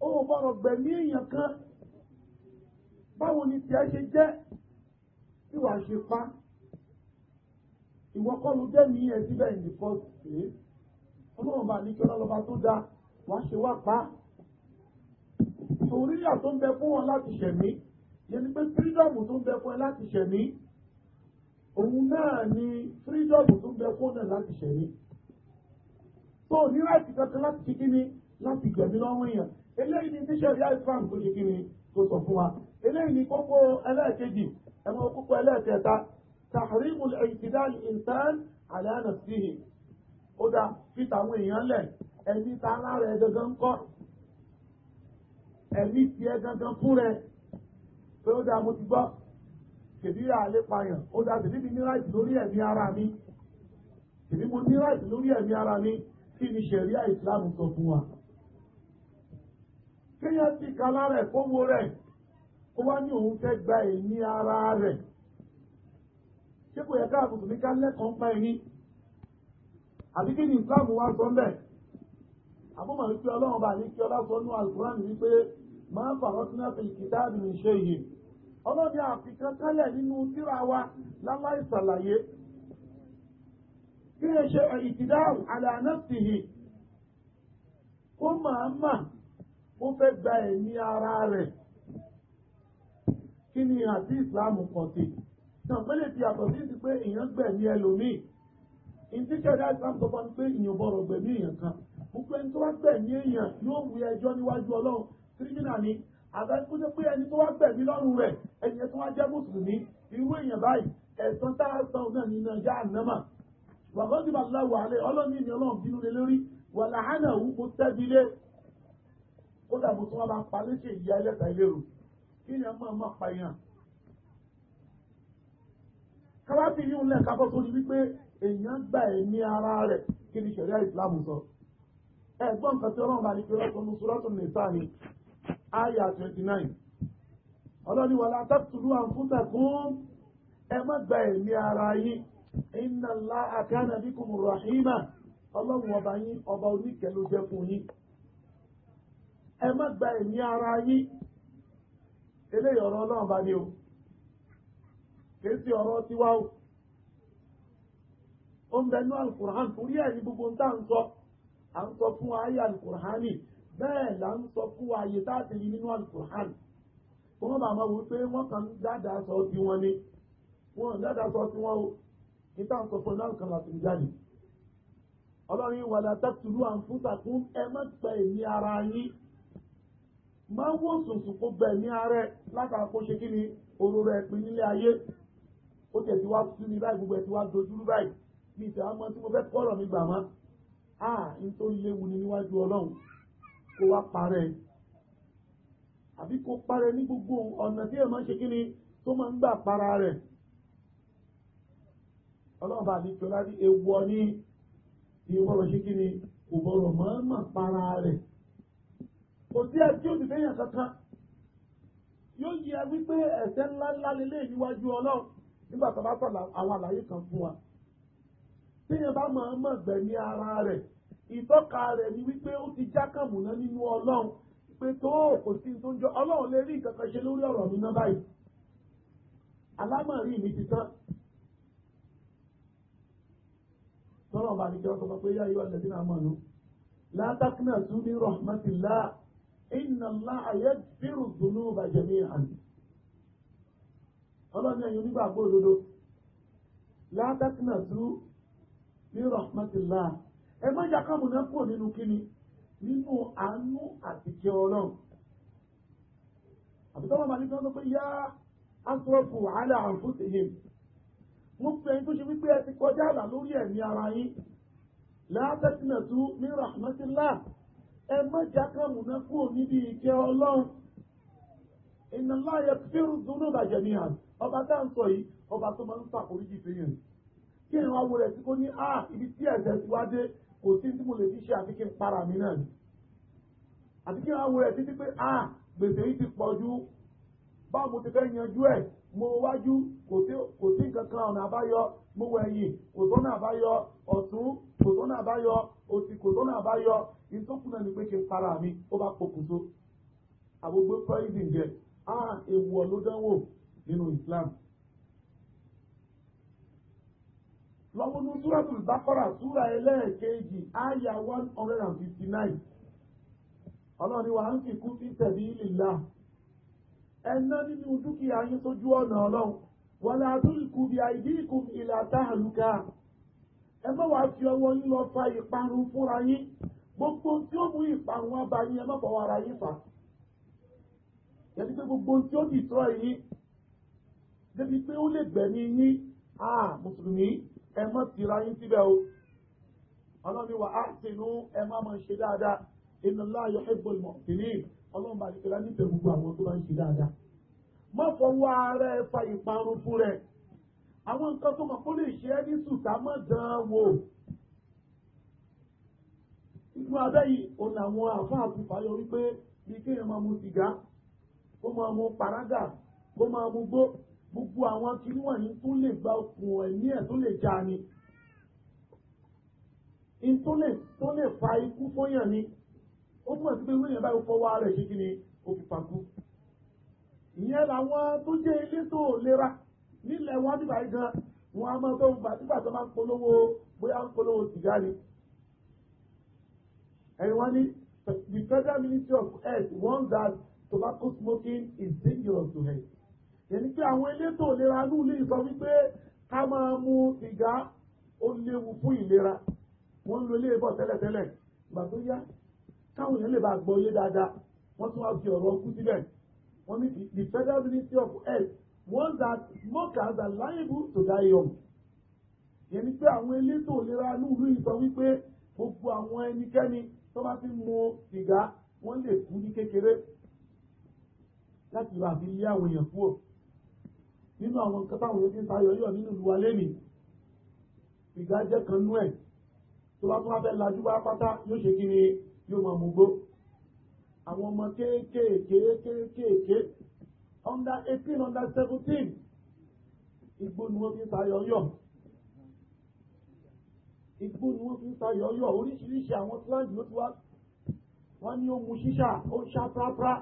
ó bọ́rọ̀ gbẹ̀mí èèyàn kan báwo ni tiẹ̀ ṣe jẹ́ bí wàá ṣe pa ìwọ kọlu dẹ́mi ẹ síbẹ̀ ní fọ́ọ̀sì ọlọ́run bá ní kí ọlọ́lọ́ba tó dáa wàá ṣe wá pa oríyà tó ń bẹ fún wọn láti ṣẹ̀mí yẹni pé fírídọ̀mù tó ń bẹ fún ẹ láti ṣẹ̀mí òun náà ni fírídọ̀mù tó ń bẹ fún ẹ láti ṣẹ̀mí tó ní láti kankan láti ṣe kíni láti gbẹ̀mí lọ́wọ́ èèyàn eléyìí ni tíṣẹ̀rí àìsàn tó ṣe kíni tó sọ fún wa eléyìí ni kókó ẹlẹ́ẹ̀kejì ẹ̀mọ́ kókó ẹlẹ́ẹ̀kẹta tàhírímù ìtìdáàlì ìntàn àlànà síhì ó dá fíta àwọn èèyàn lẹ̀ ẹ̀mí ta lára ẹ̀ gangan kọ́ ẹ̀mí ti ẹ̀ gangan fún rẹ̀ pé ó dá mo ti gbọ́ kèbíra àlepayàn ó dá tèmi mi ní ráìtì lórí ẹ̀mí ara mi tèmi mo ní ráìtì lórí ẹ̀mí ara mi kí ni ṣẹ̀ríà ìsìlámù sọ fún wa kéèyàn ti kan lára ẹ̀ kó wo rẹ̀ ó ni ní òun fẹ́ gba ẹ̀mí ara rẹ̀ ṣé kò yẹ ká ká pa àbí kí ni ìsìláàmù wá sọ mbẹ́ àbúmọ̀ wípé ọlọ́run bá ní kí ọlá sọ nú alukuran wípé máa ń fàrọ́ sínú ẹ̀fẹ̀ ìkìtà àdùn ìṣe yìí ọlọ́dẹ àfikàn kálẹ̀ nínú wa láláì sàlàyé kí ẹ ṣe gba ara kí ni àti ìsìláàmù kan sí ṣàpẹ́lẹ̀ ti yàtọ̀ sí ti pé èèyàn gbẹ̀mí ẹlòmíì ìdí ìsìláàmù tó bá ń pé èèyàn bọ̀rọ̀ gbẹ̀mí èèyàn kan gbogbo ẹni tó wá gbẹ̀mí èèyàn yóò ni pé ẹni tó wá gbẹ̀mí lọ́rùn rẹ ẹni tó wá jẹ́ mùsùlùmí irú èèyàn báyìí ẹ̀sán tá a san náà ànámà kéèyàn máa máa pààyàn kábàbí yìí ń lẹ̀ kábọ́ tó di wípé èèyàn gba ẹ̀mí ara rẹ̀ kí ni ṣẹ̀ríà ìsìlámù sọ ẹ̀gbọ́n nǹkan tí ọlọ́run bá ní pé lọ́sọ̀ ní sùrọ́tù nìta ni àyà twenty nine ọlọ́ni wàlá taqtulu anfusakum ẹ má gba ẹ̀mí ara yín inna Allaha kana bikum rahima ọlọ́run ọba yín ọba oníkẹ́ ló jẹ́ fún yín ẹ má gba ẹ̀mí ara yín eléyìí ọ̀rọ̀ ọlọ́run bá ní o kìí sí ọ̀rọ̀ tiwa o ó ń bẹnu alukur'an torí ẹ̀ ní gbogbo ń tà fún ayé bẹ́ẹ̀ là ń fún ayé tá a ti rí nínú alukur'an kó wọ́n bá máa wò pé wọ́n kàn ń dáadáa sọ ni wọ́n sọ o fún kan láti jáde ọlọ́run ẹ má pẹ́ máa ń wò sùnsùn kó gbẹ ní ààrẹ látara kó ṣe kí ni oró rẹ pin nílé ayé ó tẹ̀ ti wá sí mi báyìí gbogbo ẹ̀ ti wá dojúrú báyìí bí ìtẹ̀ àmọ́ tí mo fẹ́ kọ́rọ̀ mi gbà mọ́ à ń léwu ni níwájú ọlọ́run kó wá parẹ́ àbí kó parẹ́ ní gbogbo ọ̀nà tí ẹ̀ máa ń ṣe kí ni tó máa ń gbà para rẹ̀ ọlọ́run bá mi tọ́lá ewu ọ ní ìwọ́rọ̀ ṣe kí ni kò bọ̀rọ̀ mọ́ kò sí ẹtí òdì fẹ́yàn kankan yóò yẹ wípé ẹ̀ṣẹ̀ ńlá ńlá lélẹ̀ níwájú ọlọ́run nígbà tó bá sọ̀rọ̀ àwọn àlàyé kan fún wa téèyàn bá mọ̀ ọmọ gbẹ̀mí ara rẹ̀ ìtọ́ka rẹ̀ ni wípé ó ti jákàmùná nínú ọlọ́run pé tó kò sí tó ń jọ ọlọ́run lè rí nǹkan kan ṣe lórí ọ̀rọ̀ mi náà báyìí alámọ̀rí mi ti tán tọ́lọ̀ bá ní kí wọ́n pé yá ọ̀lẹ́dínlá mọ̀ nù látàkùnà tún ní rahmatillah inna Allaha yaghfiru dhunuba jami'an. ọlọ́ni ẹ̀yin onígbàgbọ́ òdodo la taqnatu min rahmatillah ẹ má jà ká múná kúrò nínú kíni nínú àánú àtìkẹ́ ọlọ́run. àbùtọ́ wọn bá ní kí wọ́n sọ pé yá asrafu ala anfusihim mo pe ẹni tó ṣe wípé ẹ ti kọjá àlà lórí ẹ̀mí ara yín la taqnatu min ẹ má jákàmù náà kúrò níbi ìkẹ́ ọlọ́run iná láyẹ fẹ́rù dúnú bàjẹ́ ní àná ọba tá à ń sọ yìí ọba tó máa ń sàkóríjì fẹ́yìn kí ìran awo rẹ̀ sí kó ní a ah, ibi tí ẹ̀sẹ̀ ti wá dé kò sí tí mo lè fi ṣe àfi kí n para mi náà ni àti kí ìran awo rẹ̀ títí pé a ah, gbèsè yìí ti pọ̀ ju báwo mo ti fẹ́ yanjú ẹ̀ mo wájú kò sí nǹkan kan ọ̀nà àbáyọ mo wẹ̀yìn kò sọ́nà àbáyọ ọ̀tún kò sọ́nà àbáyọ òsìkò tó náà bá yọ ìtòkùn náà ni pé kí n para mi ó bá pokùnso àgbogbo poison jẹ á ewu ọ ló Islam. lọ́mọdún súrẹ́tù ìbákọ́rà súra ẹlẹ́ẹ̀kejì àyà one hundred and fifty nine ọlọ́run ni wà á ń fi sí tẹ̀lé ẹ̀ná nínú dúkìá yín sójú ọ̀nà ọlọ́run àìdí ìkùn ẹ má wàá fi ọwọ́ yín lọ fa ìparun fúnra yín gbogbo tí ó mú ìparun wá bá yín ẹ má bọ̀ wàrà yín fà yẹtí pé gbogbo tí ó dìtọ́ yín débi pé ó lè gbẹ̀mí ní à mùsùlùmí ẹ má tira yín síbẹ̀ o ọlọ́run wa á sínú ẹ má máa ṣe dáadáa inna Allah yuhibbul muhsinin ọlọ́run bá ti tẹ̀lé nífẹ̀ẹ́ gbogbo àwọn tó bá ń ṣe dáadáa má fọwọ́ ara ẹ fa ìparun fún rẹ̀ àwọn nǹkan tó mọ̀ kó lè ṣe ẹ́ ní sùtá mọ́ gan-an wò inú abẹ́ yìí òun làwọn àfáà ti fàyọ wípé bí kéèyàn máa mu sìgá kó máa mu parágà kó máa mu gbó gbogbo àwọn kinní wọ̀nyí tó lè gba okùn ẹ̀mí ẹ̀ tó lè jà ni tó tó lè fa ikú fóyàn ni ó túmọ̀ sí pé wíyàn báyìí fọwọ́ rẹ̀ ṣe kí ni ó kú ìyẹn làwọn tó jẹ́ ilé tó lera nílẹ̀ wọn nígbà yìí gan wọn a máa bẹ́ẹ̀ gbà nígbà tó máa ń polówó bóyá ń polówó sìgá ni. ẹ̀yin wọn ní the federal ministry of health warns that tobacco smoking is dangerous to health. èyí pé àwọn elétò ìlera ní ìlú yìí sọ wípé ká máa mu sìgá ó léwu fún ìlera wọ́n ń lo ilé ìbọ̀ tẹ́lẹ̀tẹ́lẹ̀ ìgbà tó yá káwọn èèyàn lè bá gbọ́ yé dáadáa wọ́n tún wá fi ọ̀rọ̀ kú síbẹ̀ wọ́n ní the federal ministry of health ones that smokers are liable to die young. yẹn ni pé àwọn elétò ìlera inú ìlú yìí sọ wípé gbogbo àwọn ẹnikẹ́ni tó bá ti mu sìgá wọ́n lè kú ní kékeré láti bá fi lé àwọn èèyàn kúrò nínú àwọn nǹkan táwọn èèyàn ti ń sayọ yọ nínú ìlú wa lẹ́nìí sìgá jẹ́ kan nú ẹ̀ tó bá tún wá fẹ́ lajú bá pátá yóò ṣe kí ni yóò máa mú gbó àwọn ọmọ kéékèèké kéékèèké under eighteen under seventeen igbó ni wọ́n fi ń tayọ yọ̀ igbó ni wọ́n fi ń tayọ yọ̀ oríṣiríṣi àwọn kíláàsì ló ti wá wọ́n ní ó mu ṣíṣà ó ń ṣá práprá.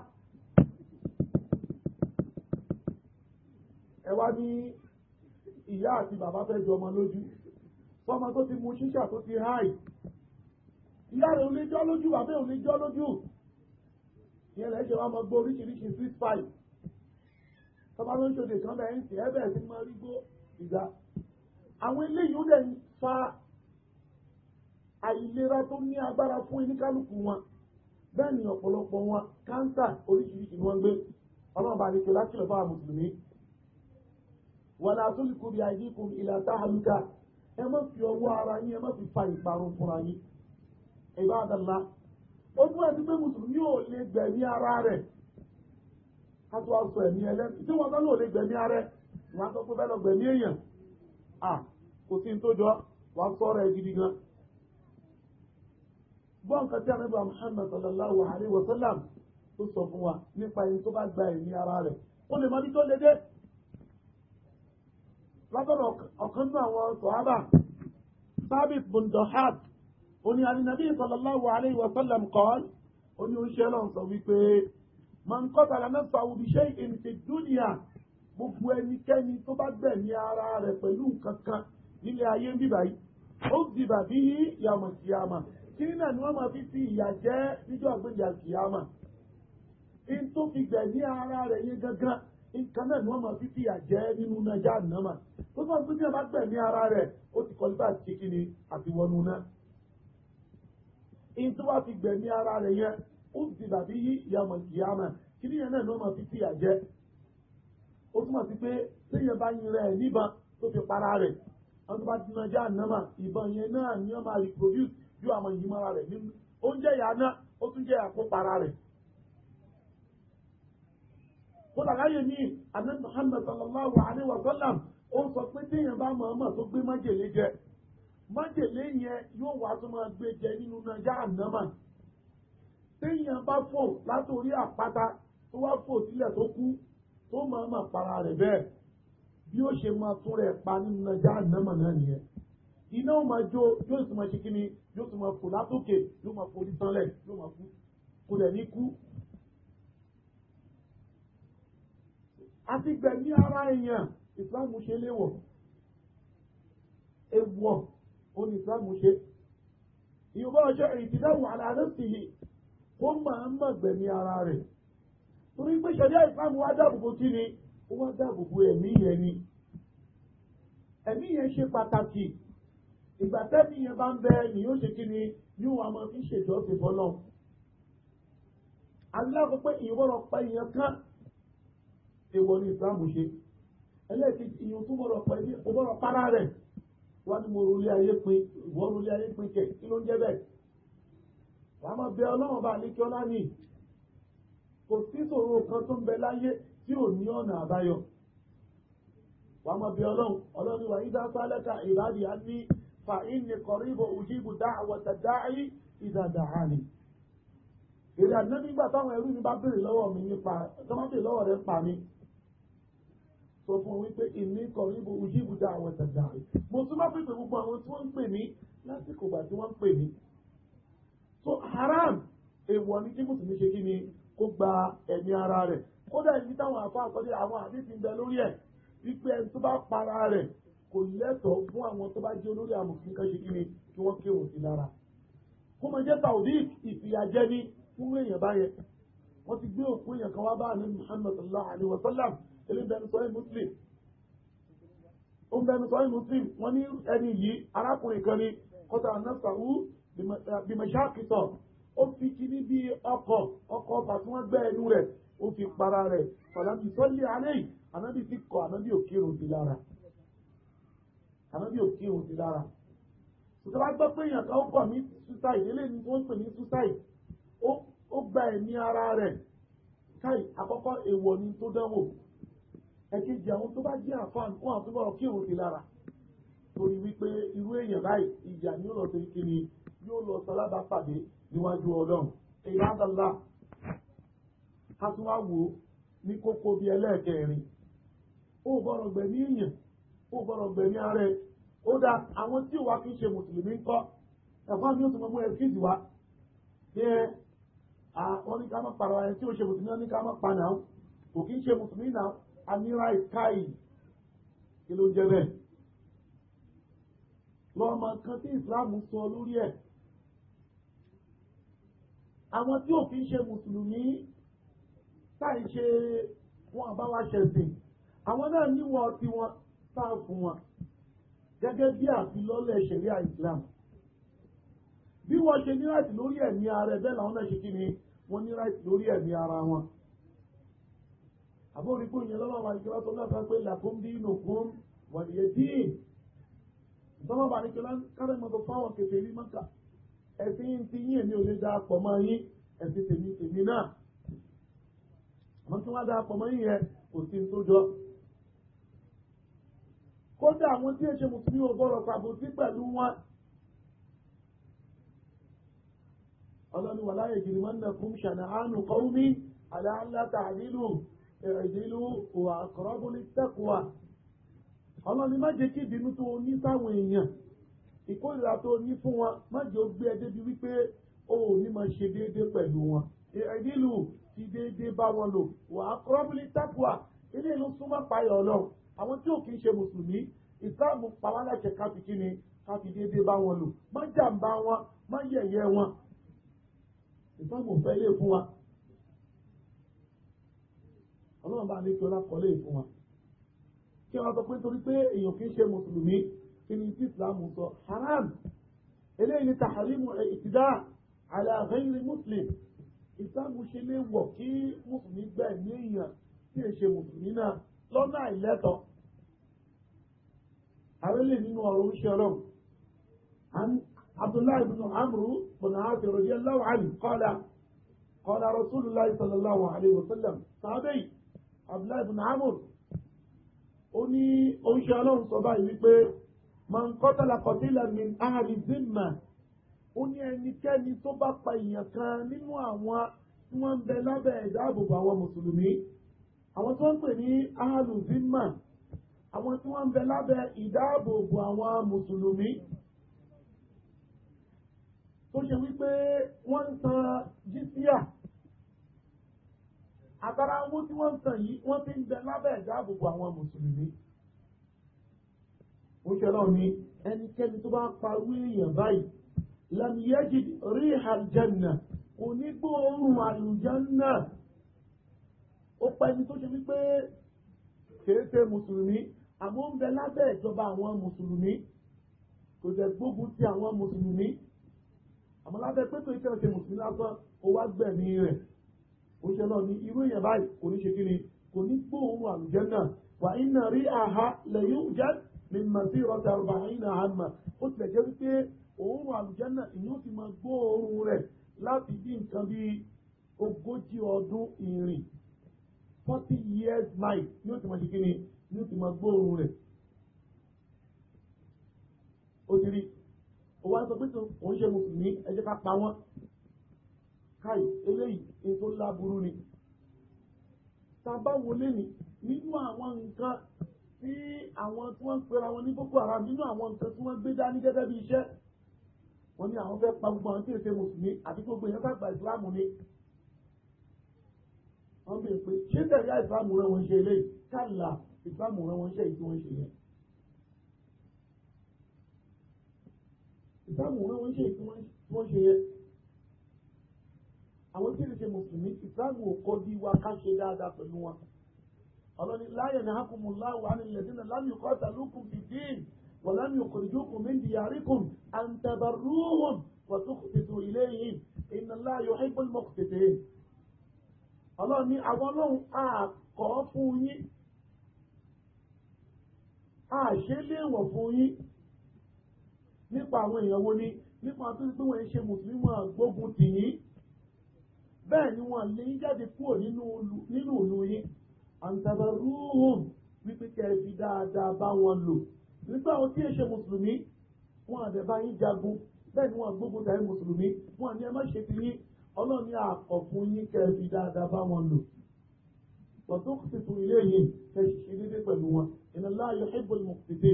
ẹ wá ní ìyá àti bàbá fẹ́ jọ ọmọ lójú fọmọ tó ti mu ṣíṣà tó ti háì ìyá rẹ̀ ò lè jọ́ lójú bàbá ò lè jọ́ lójú ìyẹn lẹ́jọ́ wa mọ̀ gbọ́ oríṣiríṣi six five tọ́ba ló ń ṣòdè kan bẹ́ẹ̀ ń tì ẹ́ bẹ́ẹ̀ sí máa rí gbó ìgbà àwọn eléyìí ó dẹ̀ ń fa àìlera tó ní agbára fún oníkálukú wọn bẹ́ẹ̀ ni ọ̀pọ̀lọpọ̀ wọn káńsà oríṣiríṣi ni wọ́n gbé ọlọ́run bá ní kí láti lọ fáwọn mùsùlùmí wọn la tó lè kó bí àìdí kò ìlà táhàlùkà ẹ má fi ọwọ́ ara yín ẹ má fi fa ìparun fúnra yín ìbáradàlá ó túmọ̀ sí pé mùsùlùmí ò lè gbẹ̀mí ara rẹ̀ ká tó wá sọ ẹ̀mí ẹlẹ́mìí tí wọ́n bá lò lè gbẹ̀mí ara ẹ̀ wọ́n á sọ pé bẹ́ẹ̀ lọ gbẹ̀mí èèyàn à kò sí ní tó jọ wà á sọ̀rọ̀ ẹ̀ gidi gan. gbọ́n kan tí anábìá Muhammad sallallahu alayhi wa sallam tó sọ fún wa nípa ẹni tó bá gba ẹ̀mí ara rẹ̀ ó lè mọ bí tó lédè látọ̀dọ̀ ọ̀kan nínú àwọn sọ̀hábà sábìt bùndọ̀hàd oní alinabi sallallahu alayhi wa sallam kọ́ ó ní ó ń ṣe lọ́n sọ wípé man qatala nafsahu bi shay'in fi dunya gbogbo ẹnikẹ́ni tó bá gbẹ̀mí ara rẹ̀ pẹ̀lú nǹkan kan nílé ayé ń bíbá yìí ó di bàbí yawm al-qiyamah kíní náà ni wọ́n máa fi fi ìyà jẹ níjọ́ àgbẹ̀dẹ̀ al-qiyamah in tó fi gbẹ̀mí ara rẹ̀ yẹn gangan nǹkan náà ni wọ́n máa fi fi ìyà jẹ nínú náà já nàmà tó bá gbé ní ọba gbẹ̀mí ara rẹ̀ ó ti kọ́lé bá ti àti wọnú náà in tó bá fi gbẹ̀mí ara rẹ̀ yẹn ó ya dàbí ya ma kí ya yẹn náà ni wọ́n máa fi ti àjẹ́ ó bá yin rẹ̀ níbọn tó fi para rẹ̀ wọ́n na já ànámà ìbọn ni wọ́n máa reproduce yóò àmọ̀ yìí mọ́ra rẹ̀ nínú ó ń nje ya náà ó tún jẹ́ àkópara rẹ̀ kódà Muhammad sallallahu alayhi wa sallam o sọ pé bá ọmọ tó gbé májèlé jẹ téèyàn bá fò látòrí àpáta tó wá fò sílẹ̀ tó kú tó máa máa para rẹ̀ bẹ́ẹ̀ bí ó ṣe máa tún rẹ̀ pa nínú ẹja ànámọ̀ náà nìyẹn iná ó máa jó yóò sì máa ṣe kí ni yóò sì máa fò látòkè yóò máa forí sanlẹ̀ yóò máa kú kò dẹ̀ ní kú. àti ara èèyàn ìsìláàmù ṣe léwọ̀ ewọ̀ ó ní ìsìláàmù ṣe ìyókò ọjọ́ ìdídáwò àlàáfíì kó máa ń mọ̀gbẹ̀mí ara rẹ̀ torí pé ṣẹ̀ríà ìsìlámù wá dáàbòbò ni ó wá dáàbòbò ẹ̀mí yẹn ni ẹ̀mí yẹn ṣe pàtàkì ìgbà tẹ́mi yẹn bá ń bẹ ni yóò ṣe kí ni yóò wá máa fi ṣèjọ́sìn pé ìwọ́rọ̀ pa ìyẹn kán ni ṣe ẹlẹ́ẹ̀kejì ìyẹn tó pa para rẹ̀ wàá máa bẹ ọlọ́run bá àlékí ọlá ní kò sí ṣòro kan tó ń bẹ láyé tí ò ní ọ̀nà àbáyọ wàá máa bẹ ọlọ́run ọlọ́run wà ìdá sálẹ́ka ìbádìí á ní fa inni qaribu ujibu da'wata da'i ìdá dàhánì èrè àná nígbà táwọn ẹrú mi bá béèrè lọ́wọ́ mi nípa tọ́mọ́tì lọ́wọ́ rẹ̀ pa mi sọ fún un wípé ìní kọ̀ríbù ujibu da'wata da'i mo tún bá pèpè gbogbo àwọn tí wọ́n ń pè mí lásìkò so haram èèwọ̀ ni kí mùsùlùmí ṣe kí ni kó gba ẹ̀mí ara rẹ̀ kódà ní táwọn àfa àkọsí àwọn àdéhùn ń bẹ lórí ẹ̀ wípé ẹni tó bá para rẹ̀ kò lẹ́tọ̀ọ́ fún àwọn tó bá jẹ́ olórí àmùsùlùmí kan ṣe kí ni kí wọ́n kéwòn sí lára kó máa jẹ́ tàwùdí ìfìyàjẹ́ fún èèyàn báyẹn wọ́n ti gbé òkú èèyàn kan wá bá àlè Muhammad sallallahu alayhi wa sallam elébẹ̀ẹ́nu sọ́yìn muslim ó ń bẹ̀ẹ́nu sọ́yìn muslim wọ́n ní ẹni yìí arákùnrin kan ní kọ́tà anáfàwù bìmọ̀ṣákìtọ̀ eh, ó fi kíní bí ọkọ̀ ọkọ̀ ọba tí wọ́n gbẹ́ ẹnu rẹ̀ ó fi para rẹ̀ fàlàbí sọ́lé alẹ́ yìí ànábì ti kọ̀ ànábì òkè òun ti lára ànábì òkè òun ti lára ìjọba gbọ́ pé èèyàn kan kọ̀ ní suicide eléyìí tó ń pè ní suicide ó gba ẹ̀mí ara rẹ̀ káì àkọ́kọ́ èèwọ̀ ni tó dánwò ẹ̀kejì àwọn tó bá jẹ́ àfáàn kó àwọn tó bá rọ òun ti lára torí wípé irú èèyàn báyìí ìjà ni ó lọ sí kí yóò lọ sálábàápàdé níwájú ọlọ́run ìyáàdàlá a tún wá wò ó ní kókó bíi ẹlẹ́ẹ̀kẹrin ó gbọ́dọ̀ gbẹ̀mí èèyàn ó gbọ́dọ̀ gbẹ̀mí ààrẹ ó dá àwọn tí ìwà kìí ṣe mùsùlùmí ń kọ́ ẹ̀fọ́ mi ó tún mọ́ ẹ̀kíìsì wa bí ẹ àwọn ní ká má para ẹni tí ó ṣe mùsùlùmí ní ká má pa náà kò kìí ṣe mùsùlùmí náà a ní ra ìkáyì kí ló jẹ bẹ́ẹ̀ lọ́mọ kan tí ìsìláàmù sọ lórí ẹ̀ àwọn tí ò fi ń ṣe mùsùlùmí táì ṣe wọn àbáwá ṣẹ̀sìn àwọn náà níwọ̀n tiwọn tá a fún wọn gẹ́gẹ́ bí àfilọ́lẹ̀ ṣẹ̀ríà Islam bí wọ́n ṣe ní láti lórí ẹ̀mí ara ẹ̀ bẹ́ẹ̀ làwọn náà ṣe kí ni wọ́n ní láti lórí ẹ̀mí ara wọn. àbórí kò yẹn lọ́wọ́ àwọn ìjọba tó lọ́ta pé làkún bí inú kún wọ̀nyẹ̀ ìtọ́wọ́ àwọn ìjọba kárẹ́mọ́tò fáwọn kẹfẹ́ rí mọ́ta ẹ̀sìn ti yín èmi ò lè da pọ̀ mọ́ yín ẹ̀sìn tèmi tèmi náà àmọ́ tí wọ́n á da pọ̀ mọ́ yín yẹn kò sí tó jọ. kódà àwọn tí èṣe mùsùlùmí ò gbọ́dọ̀ pàbòsí pẹ̀lú wọn. ọlọ́ni wàlá ìjìnlẹ̀ wọn náà fún ṣànà àánú kọ́wúmí aláàlá tàdílù ìrìndínlù òwà àkọ́rọ́bùnì tẹ́kùwà. ọlọ́ni má jẹ́ kí ìbínú tó ní sáwọn èèyàn ìkórìíra tó ní fún wọn má jẹ́ ó gbé ẹ débi wípé o ò ní máa ṣe déédéé pẹ̀lú wọn ìdílù ti déédéé bá wọn lò wà á kọ́rọ́bìlì tákùá ilé ìlú súnmọ́ payọ̀ ọlọ́run àwọn tí ò kì í ṣe mùsùlùmí ìsìláàmù pàwọn aláṣẹ káfí kí ni káfí déédéé bá wọn lò má jàǹbá wọn má yẹ̀yẹ́ wọn ìsìláàmù fẹ́ lè fún wa ọlọ́run bá ní kí ọlá kọ́ lè fún wa kí wọ́n sọ pé torí pé èèyàn kì í ṣe mùsùlùmí kí ni tí islam sọ haram eléyìí ni taharimu ìtìdá ala ghayri muslim islam ṣe lè wọ̀ kí mùsùlùmí gbẹ̀ ní èèyàn tí èṣe mùsùlùmí náà lọ́nà àìlẹ́tọ̀ àrẹ́lẹ̀ nínú ọ̀rọ̀ ń ṣe ọlọ́run عبد الله بن عمرو بن عاص رضي الله عنه قال قال رسول الله صلى الله عليه وسلم صحابي عبد الله بن عمرو ó ní ó ń ṣe ọlọ́run sọ báyìí wípé man qatala qatilan min ahli zimma ó ní ẹnikẹ́ni tó bá pa èèyàn kan nínú àwọn tí wọ́n ń bẹ lábẹ́ ìdáàbòbò àwọn mùsùlùmí àwọn tó ń pè ní ahli zimma àwọn tí wọ́n ń bẹ lábẹ́ ìdáàbòbò àwọn mùsùlùmí tó ṣe wípé wọ́n ń san jísíà àtàrà owó tí wọ́n ń san yìí wọ́n ti ń bẹ lábẹ́ ìdáàbòbò àwọn mùsùlùmí oṣù ọlọ́run ni ẹnikẹ́ni tó bá parú èèyàn báyìí lamiyẹ́jì rí àjẹnà kò ní gbóòórùn àlùjánà ó pa ẹni tó ṣe wípé kìí ṣe mùsùlùmí àmọ́ ń bẹ lábẹ́ ìjọba àwọn mùsùlùmí kò jẹ́ gbógun ti àwọn mùsùlùmí àmọ́ lábẹ́ pé kò ṣe mùsùlùmí lásán ó wá gbẹ̀mí rẹ̀ oṣù ọlọ́run ni irú èèyàn báyìí kò ní ṣe kí ni kò ní gbóòórùn àlùjánà wà iná rí àhá lẹ́yìn òjẹ́ من masirati أربعين àmà قلت tilẹ̀ jẹ́ wípé òórùn àlùjànnà ìyẹn ó ti máa gbọ́ òórùn rẹ̀ láti bí nǹkan bí years night ni ó ti máa ṣe kíni ni ó ti máa gbọ́ òórùn rẹ̀ ó ti rí òwò àti ọgbẹ́ tó kò ń ṣe mùsùlùmí ẹ ká pa wọ́n káì eléyìí ètò ńlá burú ni tá wọlé ni nínú àwọn nǹkan sí àwọn tí wọ́n ń pera wọn ní Boko Haram nínú àwọn nǹkan tí wọ́n gbé dání gẹ́gẹ́ bí iṣẹ́ wọ́n ní àwọn fẹ́ pa gbogbo àwọn tí èsè mùsùlùmí àti gbogbo èèyàn bá gba ìsìlámù ni wọ́n bèèrè pé ṣé tẹ̀lé ìsìlámù rẹ̀ wọ́n ṣe eléyìí kálá ìsìlámù rẹ̀ wọ́n ṣe èyí tí wọ́n ṣe yẹn. ìsìlámù rẹ̀ wọ́n ṣe èyí tí wọ́n ṣe yẹn. àwọn tí èsè mùsùlùmí ìsìlámù ò kọ́ bí wa ká ṣe dáadáa pẹ̀lú wọn ọlọ́ni láyẹ̀ ní hakumullahu anilẹ̀dínà lámì kọ́ta lukùn fìdí wọ̀lámì òkòrìjókùn mi dìyàríkùn àǹtàbàrúhùn wọ̀túkùtìtù ilé yìí ìnàlá yóò hẹ́gbọ́n mọ̀kùtìtì. ọlọ́ni àwọn ọlọ́run àkọ́ fún yín àṣẹ́léèwọ̀ fún yín nípa àwọn èèyàn wo ni nípa tó ti pé wọ́n ṣe mùsùlùmí wọn gbógun tì yín bẹ́ẹ̀ ni wọ́n lè jáde kúrò nínú ìlú yín àǹtàbàrúhùn wípé kẹ́ ẹ fi dáadáa bá wọn lò nígbà wọn tí ì ṣe mùsùlùmí wọn àdẹ̀bá yín jagun bẹ́ẹ̀ ni wọn gbógun tàbí mùsùlùmí wọn ní ẹ má ṣe ti yín ọlọ́run ní àkọ́ fún yín kẹ́ ẹ fi dáadáa bá wọn lò pọ̀tún tuntun ilé yìí kẹ́ ṣe déédéé pẹ̀lú wọn ìnáwó ayọ̀ ẹ̀bùn mọ̀kìtì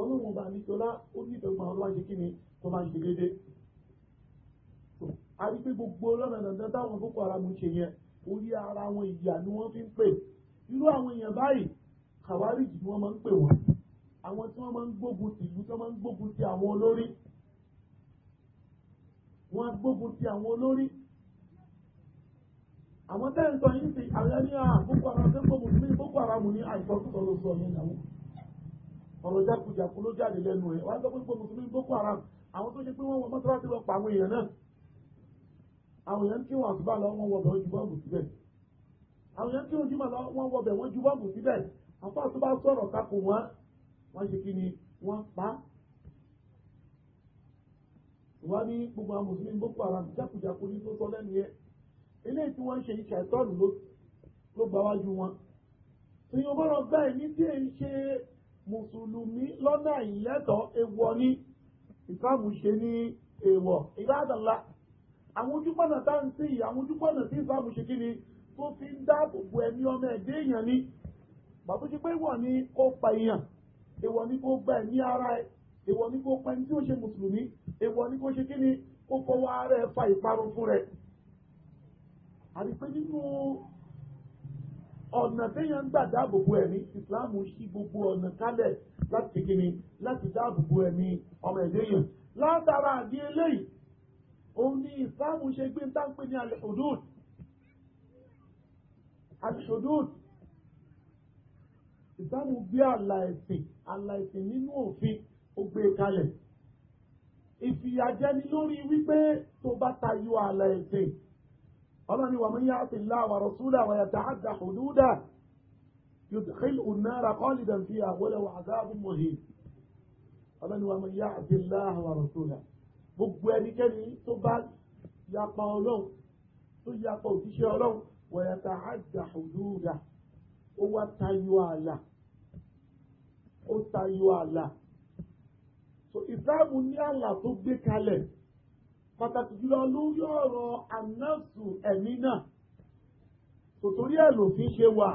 ọlọ́run bá nítorá ó ní ìdọ̀gbọ̀n ọlọ́wà ṣe kí ni tó máa ṣe déédéé a rí pé gbogbo ọlọ́run ẹ̀dọ̀dọ̀ táwọn boko haram ń ṣe yẹn orí ara wọn ìyà ni wọ́n fi ń pè irú àwọn èèyàn báyìí kàwáríjì ni wọ́n máa ń pè wọ́n àwọn tí wọ́n máa ń gbógun ti ìlú tí wọ́n máa ń gbógun ti àwọn olórí wọ́n á gbógun ti àwọn olórí àwọn tẹ́ ń sọ yìí sí àwọn ẹni à ah, boko haram tẹ́ ń gbógun ti boko haram ní àìsàn tó lọ sọ yẹn náà ọ̀rọ̀ jákujàku ló jáde lẹ́nu ẹ̀ wọ́n á sọ pé gbógun ti boko haram àwọn tó ṣe pé wọ́n wọ mọ́tò láti lọ pa àwọn èèyàn náà àwọn èèyàn ń kí wọn àtúbà lọ wọn wọ bẹ̀rẹ̀ ju bọ́ọ̀lù síbẹ̀ àwọn yẹn kí ojú mà lọ wọ́n wọbẹ̀ wọ́n ju bọ́ọ̀bù síbẹ̀ àfáà tó bá sọ̀rọ̀ takò wọ́n wọ́n ṣe kí ni wọ́n pa á wọ́n ní gbogbo àwọn mùsùlùmí boko haram jákujàku ní tó sọ lẹ́nu yẹn eléyìí tí wọ́n ń ṣe iṣẹ́ ìtọ́nù ló gba wájú wọn. èèyàn bọ́rọ̀ gbá ẹ̀mí tí èyí ṣe mùsùlùmí lọ́nà ìlẹ́tọ̀ ewọ ní ìsìlámù ṣe ní èèwọ̀ ìdáàdàlá àwọn ojúpọ̀nà tá à ń sí yìí àwọn ojúpọ̀nà tí ìsìlámù ṣe kí ni tó fi ń dáàbò bo ẹ̀mí ọmọ ẹ̀dẹ́ èèyàn ni bàbá ṣe pé wọ̀ ni kó pa èèyàn èèwọ̀ ni kó gba ẹ̀mí ara ẹ̀ èèwọ̀ ni kó pa ẹni tí ó ṣe mùsùlùmí èèwọ̀ ni kó ṣe kí ni kó fọwọ́ ara ẹ̀ fa ìparun fún rẹ̀ àti pé nínú ọ̀nà téèyàn ń gbà dáàbò ẹ̀mí ìsìláàmù ṣí gbogbo ọ̀nà kálẹ̀ láti kí ni láti dáàbò ẹ̀mí ọmọ ẹ̀dẹ́ èèyàn látara àdí eléyìí òun ni ìsìláàmù ṣe gbé ń tá ní alẹ́ òdòdó àṣòdùd ìsìláàmù gbé àlà ẹ̀sìn àlà ẹ̀sìn nínú òfin ó gbé e kalẹ̀ ìfìyàjẹni lórí wípé tó bá tayọ àlà ẹ̀sìn ọlọ́ni wà man ya'ti Allaha wa rasulahu wa yata'adda hududahu yudkhilhu an-nara khalidan fiha wa lahu 'adhabun muhin ọlọ́ni wà man ya'ti Allaha wa rasulahu gbogbo ẹnikẹ́ni tó bá yapa ọlọ́run tó yapa òjíṣẹ́ ọlọ́run ويتعدى حدوده ó wá tayọ ààlà so ìsìláàmù ní ààlà tó gbé kalẹ̀ pàtàkì jùlọ lórí ọ̀rọ̀ anásù ẹ̀mí náà tòtòrí ẹ̀ lòfin ṣe wà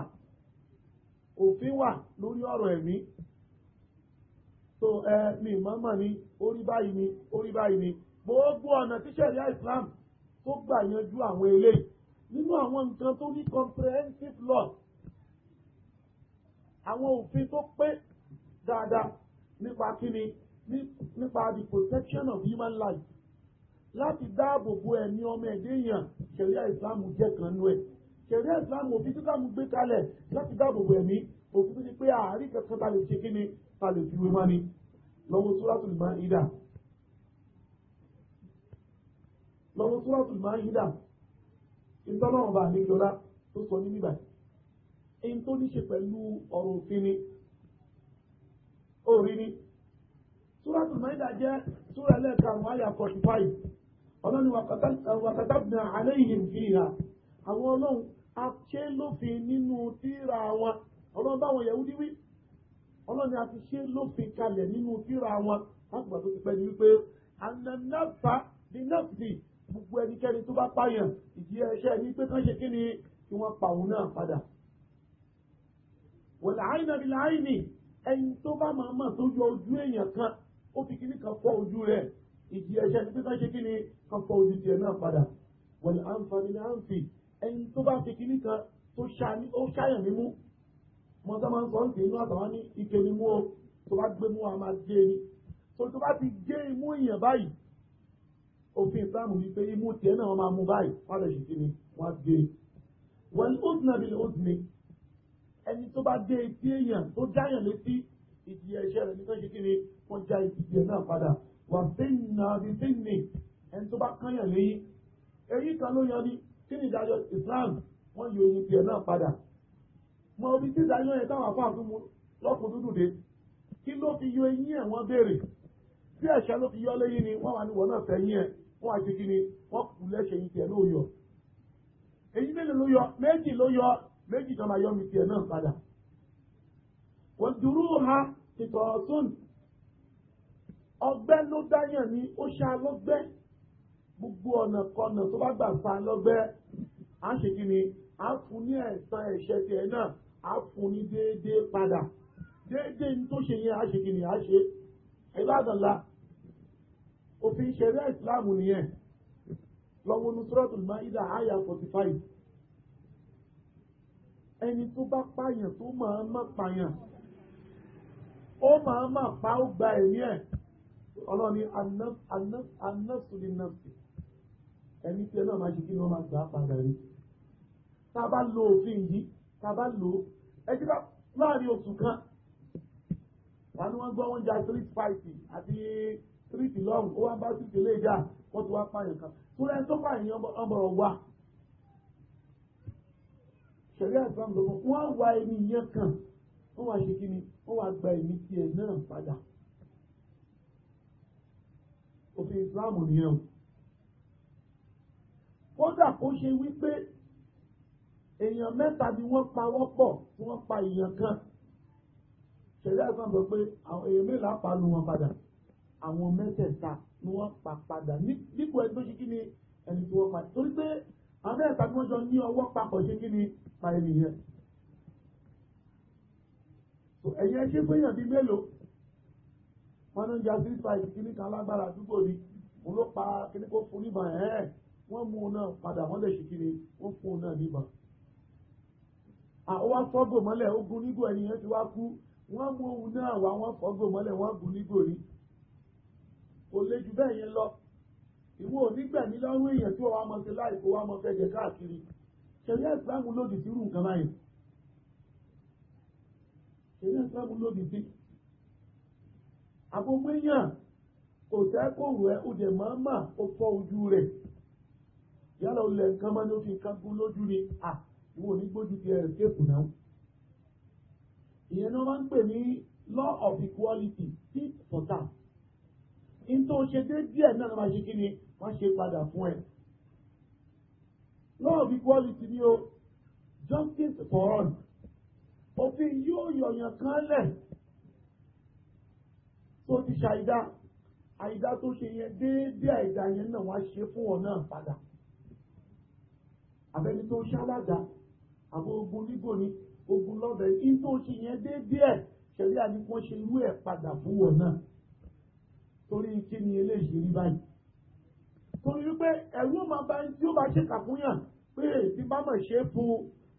òfin wà lórí ọ̀rọ̀ ẹ̀mí so ẹ mi mọ́mọ́ ni orí báyìí ni orí báyìí ni gbogbo ọ̀nà tíṣẹ̀rí Islam tó gbà yanjú àwọn eléyìí nínú àwọn nǹkan tó ní comprehensive law àwọn òfin tó pé dáadáa nípa kíni nípa the protection of human life láti dáàbò bo ẹ̀mí ọmọ ẹ̀dẹ́ èèyàn ṣẹ̀ríà ìsìláàmù jẹ́ kan nú ẹ̀ ṣẹ̀ríà ìsìláàmù òfin tí ìsìláàmù gbé kalẹ̀ láti dáàbò bo ẹ̀mí òfin tó ti pé àárín kankan ta lè ṣe kíni ta lè fi wé má ni lọ́wọ́ Suratul Maida lọ́wọ́ Suratul Maida ìtọ́lọ́run bá mi jọlá tó sọ ní nígbà ẹni tó ní ṣe pẹ̀lú ọ̀rọ̀ òfin ni orí ni súrátù Máídà jẹ́ súrà ẹlẹ́ẹ̀ka àwọn àyà forty five ọlọ́run wàkàtàbìnà àléhìn fìhà àwọn ọlọ́run àṣẹ lófin nínú tírà wọn ọlọ́run báwọn Yẹhudi wí ọlọ́run ni a ti ṣe lófin kalẹ̀ nínú tírà wọn láti gbà tó ti pẹ́ ni wípé ànànáfà ní náà gbogbo ẹnikẹ́ni tó bá pààyàn ìdí ẹṣẹ́ ní pé kán ṣe kí ni kí wọ́n pa òun náà padà. wọ̀lá àìnà bí láìní ẹni tó bá máa mọ̀ tó yọ ojú èèyàn kan ó fi kíní kan fọ́ ojú rẹ̀ ìdí ẹṣẹ́ ní pé kán ṣe kí ni kan fọ́ ojú tiẹ̀ náà padà. wọ̀lá àǹfààní ni àǹfì ẹni tó bá fi kíní kan tó ṣàyàn mímú mọ́tọ́ máa ń sọ ń pè inú àtàwọn ní ike ni mú o tó bá gbé mú wa máa gé e ni tó tó bá ti gé imú èèyàn báyìí òfin ìsìlámù wípé imú tiẹ̀ náà wọ́n máa mú báyìí wọ́n lè ṣe kí ni wọ́n gé e. wọ́n ní oṣù náà bí ni oṣù mi ẹni tó bá gé etí èèyàn tó jáyàn létí ìjìyà ẹ̀ṣẹ̀ rẹ̀ nígbà ṣe kí ni wọ́n já ìjìyà náà padà wà sínà bí sínì ẹni tó bá kányàn léyìn èyí kan ló yan ni kí ni ìdájọ́ Islam wọ́n yọ eyín tiẹ̀ náà padà mọ omi tí ìdájọ́ yẹn táwọn afọ àfihàn lọ́kùn dúdú dé kí ló fi yọ eyín ẹ̀ wọ́n béèrè bí ẹ̀ṣẹ̀ ló fi yọ léyìn ni wọ́n wà ní wọ́n náà fẹ́ yín ẹ̀ wọ́n àti kí ni wọ́n yìí yọ. èyí mélòó ló yọ méjì méjì tó máa yọ mi tiẹ̀ náà padà. wọ́n dúró ha ìtọ̀ọ̀tún ọgbẹ́ ló dáyàn ní ó ṣá gbogbo ọ̀nà kọ̀nà tó bá gbà fa á fún ní náà á fún ní déédéé padà déédéé ní tó ni òfin ṣẹ̀ríà ìsìláàmù nìyẹn lọ́wọ́ nusratul maida aya forty five ẹni tó bá pààyàn tó máa má pààyàn ó máa má pa ó gba ẹ̀mí ẹ̀ ọlọ́ni anásùlì nàfsì ẹ̀mí tí ẹ náà máa ṣe kí ni wọ́n máa gbà á padà rí tá a bá lo òfin yìí tá a bá lo ẹ ti bá láàrin oṣù kan wọn ni wọ́n gbọ́ wọn jà street fight àti síríìtì lọ́rùn ó wá bá síríìtì ilé ìjà wọ́n ti wá pààyàn kan fúnra ẹni tó pààyàn ọbọ̀rọ̀ wà ṣẹ̀rí àìsàn lọ́wọ́ wọ́n á wá ẹni yẹn kan wọ́n wá ṣe kí ni wọ́n wá gba ẹ̀mí tiẹ̀ náà padà òfin ìsìláàmù nìyẹn o kódà kó ṣe wípé èèyàn mẹ́ta ni wọ́n pa wọ́pọ̀ tí wọ́n pa èèyàn kan ṣẹ̀rí àìsàn lọ pé àwọn èèyàn mélòó á pa lu wọn padà àwọn mẹ́tẹ̀ẹ̀ta ni wọ́n pa padà nípò ẹni tó ṣe kí ni ẹni tí wọ́n pa torí pé àwọn mẹ́tẹ̀ẹ̀ta tí wọ́n jọ ní ọwọ́ papọ̀ ṣe kí ni pa ẹni yẹn. ẹ̀yẹ ṣé péyàn bíi mélòó wọn ló ń ja three five kí ní kan lágbára àdúgbò ni òun ló pa kí ní kó fún níbọn ẹ̀ẹ́ wọ́n mú un náà padà wọ́n lè ṣe kí ni wọ́n fún un náà níbọn àwọn wá fọ́gò mọ́lẹ̀ ogun nígò ẹni yẹn ti wá kú wọ́n mú òun náà wá wọ́n fọ́gò mọ́lẹ̀ wọ́n gùn nígò ní kò lè jù bẹ́ẹ̀ yẹn lọ ìwọ onígbẹ̀mí lọ́rùn èèyàn tí wọ́n wá mọ̀ sí láì kó wá mọ̀ fẹ́ jẹ káàkiri ṣẹlẹ̀ ìsìlámù lòdì sí irú nǹkan báyìí ṣẹlẹ̀ ìsìlámù lòdì sí àgbogbo èèyàn kò tẹ́ kò rù ẹ́ ó dẹ̀ máa ń mà ó fọ́ ojú rẹ̀ yálà ó lẹ̀ nǹkan máa ń fi nǹkan gún lójú ni à ìwọ onígbójú ti ẹ̀rẹ̀ kéèkù náà ìyẹn náà máa ń pè ní law of equality tit for that ní tó ṣe dé díẹ̀ náà ló máa ṣe kí ni wọ́n ṣe padà fún ẹ. law of equality ni o justice for all òfin yóò yọ̀yàn kan lẹ̀ tó ti ṣàìdá àìdá tó ṣe yẹn déédéé àìdá yẹn náà wá ṣe fún ọ náà padà àbẹ́ni tó ṣálága àbọ̀ ogun lígò ni ogun lọ́bẹ̀ẹ́ kí tó ṣe yẹn déédéé ṣẹlẹ́ àdìpọ̀ ṣe irú ẹ̀ padà fún ọ náà torí kí ni eléyìí rí báyìí torí wípé ẹ̀rú máa bá ń tí ó bá ṣe kàkúnyàn pé tí bá mọ̀ ṣe fún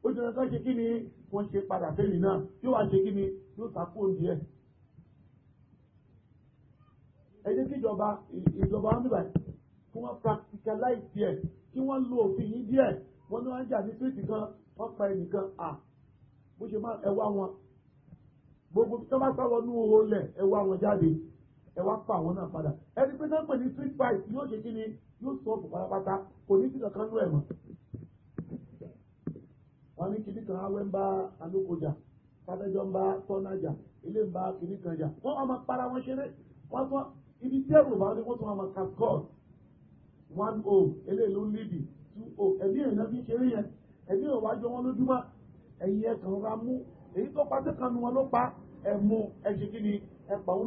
ó jẹ́ ẹ̀ka ṣe kí ni wọ́n ṣe padà fẹ́mi náà yóò wá ṣe kí ni yóò takú òǹdí ẹ̀. ẹ jẹ́ kí ìjọba ìjọba wọn bíbà kí wọ́n practicalize díẹ̀ kí wọ́n lo òfin yìí díẹ̀ wọ́n ní wọ́n jà ní fíìtì kan wọ́n pa ẹnìkan à bó ṣe máa ẹwà wọn gbogbo tí wọ́n bá sá wọnú owó lẹ̀ wọn jáde ẹ wá pa àwọn náà padà ẹni pé náà pè ní street fight yóò ṣe kí ni yóò sọ ọ̀pọ̀ pátápátá kò ní sí kankan nú ẹ̀ mọ́. wọn ní kinní kan awẹ́ ń bá alókojà sábẹ́jọ́ ń bá tọ́nájà ilé ń bá kinní kan jà wọ́n máa para wọn ṣeré wọ́n tún ibi tí ẹ̀rù bá ní wọ́n tún máa cut cut one o eléyìí ló ń lébi two o ẹ̀mí ẹ̀ náà fi ṣeré yẹn ẹ̀mí ẹ̀ wájú wọn lójúmọ́ ẹ̀yìn ẹ̀ kàn ra mú èyí tó pa sí kanu wọn ló pa ẹ̀mú ẹ̀ṣẹ̀ kí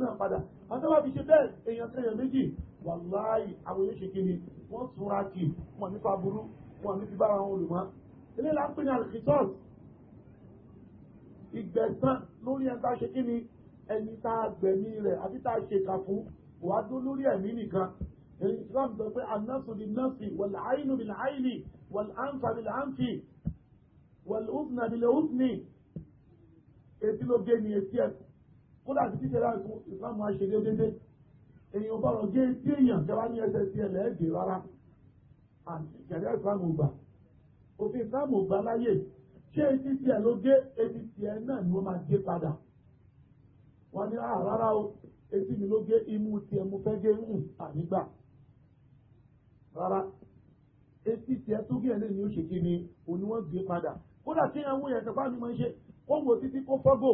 náà padà àtàwà fi ṣe bẹ́ẹ̀ èèyàn kẹyàn méjì wàláì àwọn yóò ṣe kíni wọ́n túnra kì wọ́n nípa burú wọ́n ní fi bára wọn olùmọ́ ilé là ń pè ní àlùkìtọ́s ìgbẹ̀san lórí ẹni tá a ṣe kíni ẹni tá a gbẹ̀mí rẹ̀ àbí tá a ṣe kà fún wàá dó lórí ẹ̀mí nìkan èyí Islam sọ pé anásù bí násì wàlá àìnù bí àìnì wàlá àǹfà bí àǹfì wàlá òsùnà bí lè òsùnì etí ló gé ni etí ẹ̀kọ́ kódà sí títẹ̀lá ìkún ìsìlámù àṣẹlẹ̀ òdédé èyàn bọ̀rọ̀ gé dé èèyàn tẹ́wá ní ẹsẹ̀ sí ẹlẹ́ ẹ̀dẹ̀ rárá àti ìṣẹ̀lẹ̀ ìsìlámù gbà òfin ìsìlámù gbà láyè ṣé etí tiẹ̀ ló gé etí tiẹ̀ náà ni wọ́n máa gé padà wọ́n ní ah, rárá o etí mi ló gé imú tiẹ̀ mo fẹ́ gé hùn hmm, tó gé ẹ̀ ni ó ṣe kí ni òní wọ́n padà kódà kí àwọn èèyàn kẹfà ni wọ́n ṣe ó wò títí kó fọ́gò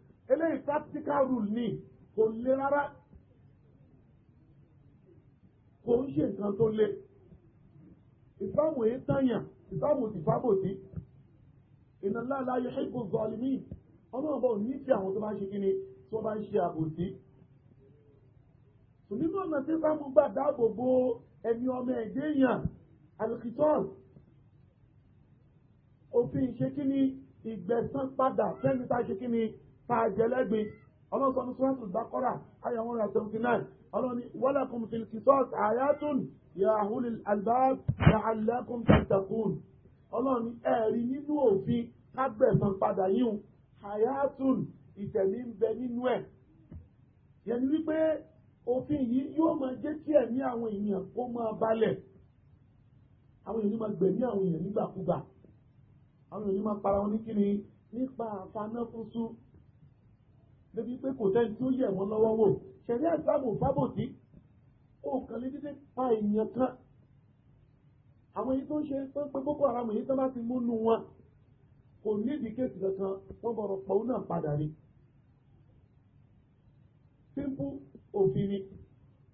eléyìí practical rule ni kò le rárá kò ń ṣe nǹkan tó le ìfáwò yìí tàyàn ìfáwò ti fábòtí ìnàlá aláyọ ṣẹ́kù zọlímì ọlọ́ọ̀bọ̀ nífẹ̀ẹ́ àwọn tó bá ṣe kíni tó bá ń ṣe àbòtí nínú ọ̀nà tí sáàmù gbà dáàbò bo ẹni ọmọ ẹ̀dẹ́ èèyàn alkitọ́ọ̀lù òfin ṣe kíni ìgbẹ̀san padà fẹ́mi ta ṣe kíni tá a jẹ lẹ́gbin ọlọ́run sọ ní suratul Baqara aya one hundred seventy nine ọlọ́run ní walakum fil qisas ayatun ya ulil albab la'allakum tattaqun ọlọ́run ní ẹ̀rí nínú òfin kábẹ̀sán padà yíhun ayatun ìtẹ̀mí ń bẹ nínú ẹ̀ yẹn wípé òfin yìí yóò máa jẹ́ kí ẹ̀mí àwọn èèyàn kó máa balẹ̀ àwọn èèyàn máa gbẹ̀mí àwọn èèyàn nígbàkúgbà àwọn èèyàn máa para wọn ní kíni nípa àfanáfúnṣú débi pé kò tẹ́ni tí ó yẹ̀ wọ́n lọ́wọ́ wò ṣẹ̀rí àìsàn ò fábò sí kó kàn lé dídé pa èèyàn kan àwọn èyí tó ń ṣe tó ń pe boko haram èyí tó bá ti mú nu wọn kò nídìí kéèsì kankan wọ́n bọ̀rọ̀ pọ̀ náà padà ni simple òfin ni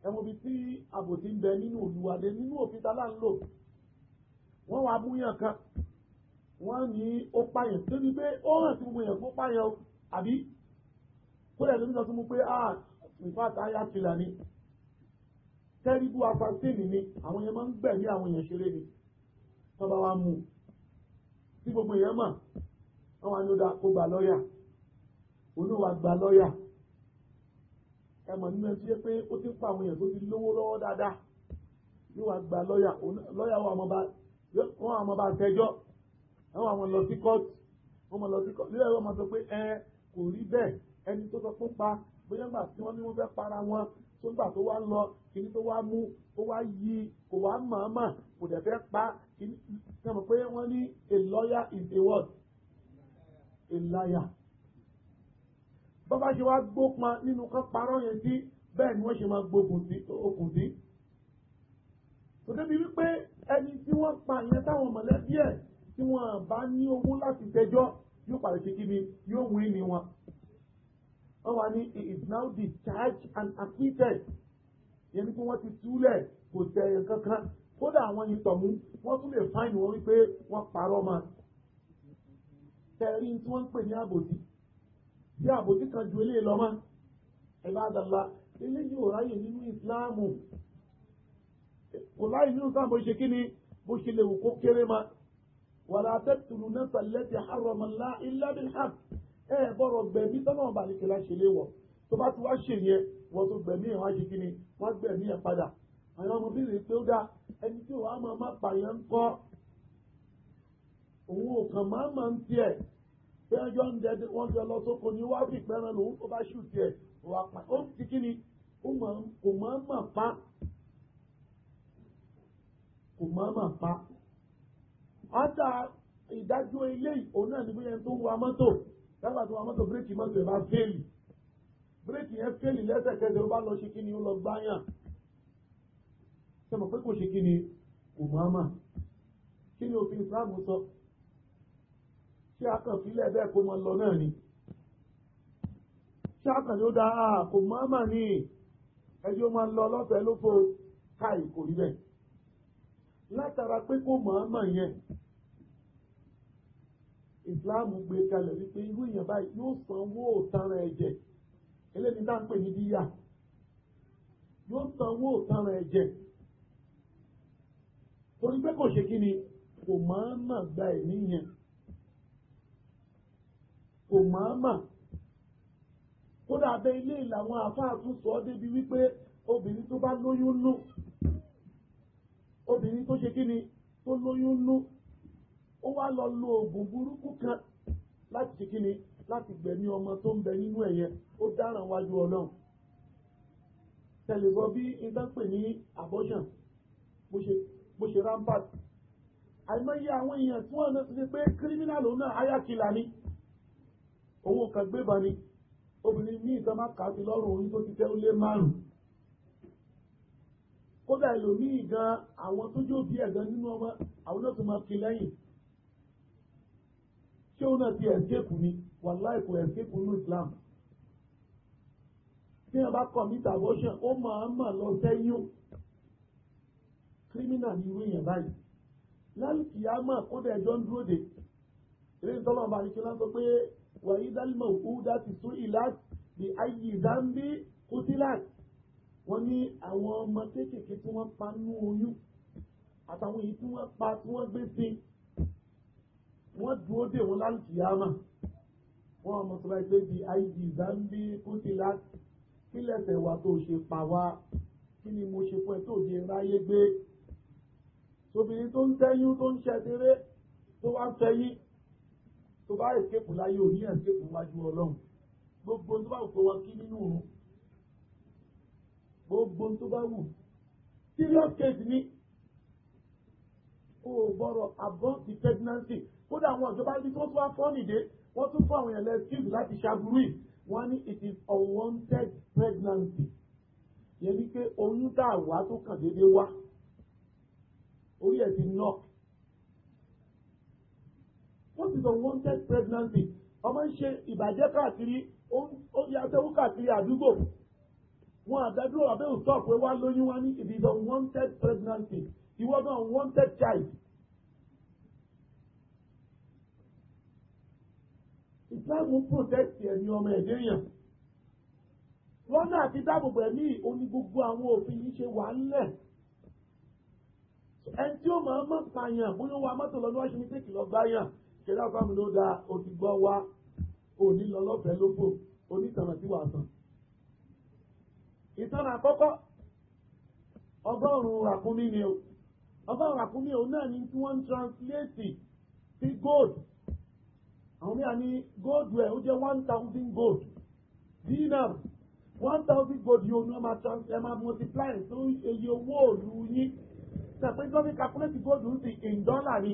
ẹ̀wọ̀n bíi tí àbòsí ń bẹ nínú olùwàdé nínú òfin tá láń lò wọ́n wá múyàn kan wọ́n ní ó pààyàn débi pé ó hàn sí gbogbo èèyàn fún pààyàn àbí kódà ló ń sọ fún mi pé ah ìfàtà ayá tìlà ni tẹ́rìbù afásitìnì ni àwọn yẹn máa ń gbẹ̀mí àwọn yẹn ṣeré ni tọ́ba wa mú tí gbogbo yẹn mọ̀ wọ́n wá ní ó dáa kó gba lọ́ọ̀yà olúwa gba lọ́ọ̀yà ẹ mọ̀ nínú ẹtí pé ó ti ń pa àwọn èèyàn tó ti lówó lọ́wọ́ dáadáa yóò wá gba lọ́ọ̀yà lọ́ọ̀yà wọn àwọn ọba àtẹjọ́ àwọn àwọn lọ sí kóòtù wọ́n lọ sí kóòtù lóyè wọ́n mọ̀ sọ pé ẹ kò rí bẹ́ẹ̀ ẹni tó sọ fún pa bóyá gbà tí wọ́n ní wọ́n fẹ́ para wọn tó gbà tó wá lọ kíní tó wá mú ó wá yí kò wá màmá kò dẹ̀ fẹ́ pa kíní sẹ́mu pé wọ́n ní a lawyer is a word a liar bọ́bá ṣe wá gbópọn nínú kan parọ́ yẹn sí bẹ́ẹ̀ ni wọ́n ṣe máa gbógun sí okùn sí kò débi wípé ẹni tí wọ́n pa ìyẹn táwọn mọ̀lẹ́bí ẹ̀ tí wọ́n bá ní owó láti tẹjọ́ yóò pàdé ṣe kí ni yóò wí ni wọn wọ́n wá ní he is now discharged and acquitted yẹn ni pé wọ́n ti túlẹ̀ kò tẹ ẹ̀yẹ kankan kódà àwọn yìí tọ̀mú wọ́n tún lè fáìn wọn wípé wọ́n parọ́ ma tẹ̀rí tí wọ́n ń pè ní àbòsí bí àbòsí kan ju eléyìí lọ mọ́ ẹ̀bá àdàlà eléyìí ò ráyè nínú ìsìláàmù kò láyè nínú sáà bó ṣe kí ni bó ṣe lè wù kó kéré ma wàlá taqtulu nafsa allati harrama Allah illa bil haqq ẹ bọ́rọ̀ gbẹ̀mí tọ́lọ́wọ́n bá nìkẹ́ láṣẹ lé wọ̀ tó bá ti wá ṣe yẹn wọ́n tó gbẹ̀mí ẹ̀ wá ṣe kí ni wọ́n gbẹ̀mí ẹ̀ padà àwọn ọmọbìnrin pé ó dá ẹni tí òun á máa má pààyàn ń kọ́ òun ò kàn máa máa ń tiẹ̀ pé ọjọ́ ń dẹ wọ́n jọ lọ sóko ní wá fi pẹ́ran lòun tó bá ṣù tiẹ̀ wà pa ó ti kí ni kò máa mà pa kò máa mà pa. ata ìdájọ́ ilé ìhòòhùn náà ni bóyá tó ń wa mọ́tò nígbà tí wọn mọ́tò bírèkì mọ́tò ẹ̀ bá fẹ́ẹ̀lì bírèkì yẹn fẹ́ẹ̀lì lẹ́sẹ̀kẹsẹ̀ ó bá lọ ṣe kí ni ó lọ gbáyàn ṣe mọ̀ pé kò ṣe kí ni kò máa mà kí ni òfin Islam sọ ṣé akànfilẹ̀ bẹ́ẹ̀ kó mọ lọ náà ni ṣé akànfilẹ̀ ó dáa kò máa mà ni ẹjọ́ máa lọ lọ́fẹ̀ẹ́ lófo káì kò rí bẹ́ẹ̀ látara pé kó máa mà yẹn islam gbé kalẹ̀ wípé irú èèyàn báyìí yóò sanwó òtanràn ẹ̀jẹ̀ eléyìí tá à ń pè ní díyà yóò sanwó òtanràn ẹ̀jẹ̀ torí pé kò ṣe kí ni kò máa mà gba ẹ̀mí yẹn kò máa mà kódà abẹ ilé làwọn àáfàá sọ ọ́ débi wípé obìnrin tó bá lóyún nú obìnrin tó ṣe kí ni tó lóyún nú ó wá lọ lo oògùn burúkú kan láti ṣe kí ni láti gbẹ̀mí ọmọ tó ń bẹ nínú ẹ̀ yẹn ó dáràn wájú ọlọ́run tẹ̀lébọ́ bí ìdánpè ní abortion bó ṣe rampart àìmọye àwọn èèyàn tí wọ́n ti ṣe pé criminal òun náà ayákìlá ni òun kan gbébà ni obìnrin ní ìtàn máa kà á sí lọ́rùn orí tó ti tẹ́ ó lé márùn-ún kódà ẹlòmíì gan àwọn tó jó bí ẹ̀gán nínú ọmọ àwọn náà tó máa fi lẹ́yìn ṣé ó náà ti escape ni wàláì kò escape nínú Islam tí wọn bá commit abortion ó máa ń mà lọ sẹ́yìn criminal ni irú èèyàn báyìí lálùkì á mà kódà ẹjọ́ ń dúró de eré tọ́lọ́ ọba àdìsí láńsọ pé wàyí dálímọ̀ òkú dá sún ìlà bí ayé zambi kutilat wọ́n ní àwọn ọmọ kéékèèké tí wọ́n pa nú oyún àtàwọn èyí tí wọ́n pa tí wọ́n gbé sí i wọ́n dúró dè wọ́n láǹkì yámà wọ́n ọmọ tó bá gbé di àìdí zambi kútìlá kílẹ̀sẹ̀ wa tó ṣe pa wá kí ni mo ṣe fún ẹ tó di ráyé gbé obìnrin tó ń tẹ́yún tó ń ṣẹ́dẹ́rẹ́ tó wá ń fẹ́yí tó bá èkéèpù láyé òní èkéèpù wájú ọlọ́run gbogbo tó bá wù kó wọn kí nínú òun gbogbo tó bá wù serious case ni o gbọ́dọ̀ abort the pregnancy kódà àwọn ìjọba ibi tó tún wá fọ́ nìdé wọ́n tún fún àwọn èèyàn lẹ́sìkìlù láti ṣàbùrù yìí wọ́n ní it is unwanted pregnancy yẹn ni pé oyún tá a wá tó kàn déédéé wá orí ẹ̀ ti knock what is unwanted pregnancy ọmọ ń ṣe ìbàjẹ́ káàkiri ó ń yàtẹ̀wó káàkiri àdúgbò wọn àdádúró àbẹ́wò sọ̀pẹ́ wá lóyún wá ní it is unwanted pregnancy He was an unwanted child. Islam ń protect ẹ̀mí ọmọ ẹ̀dẹ́ yàn. Lọ́nà àti dáàbòbò ẹ̀mí òní gbogbo àwọn òfin yìí ṣe wà ńlẹ̀. Ẹni tí ó máa mọ̀ pààyàn bóyá wa mọ́tò lọ́nà wáṣẹ́ mi tèkì lọ gbá yàn. Ṣèlá fámi ló da òdìgbọ́ wa òní lọ lọ́fẹ̀ẹ́ lóbò onítànà tí wàá tàn. Ìtàn àkọ́kọ́ ọgọ́rùn-ún àkúnmí ni o ọba ràkúnmí òun náà ni tí wọ́n ń translate sí gold àwọn mìíràn ní gold rẹ̀ ó jẹ́ one thousand gold dinar one thousand gold yóò ní ọmọ ẹ máa multiply tó iye owó òlu yín sàpé lọ́bí calculate gold ń sì in dollar ni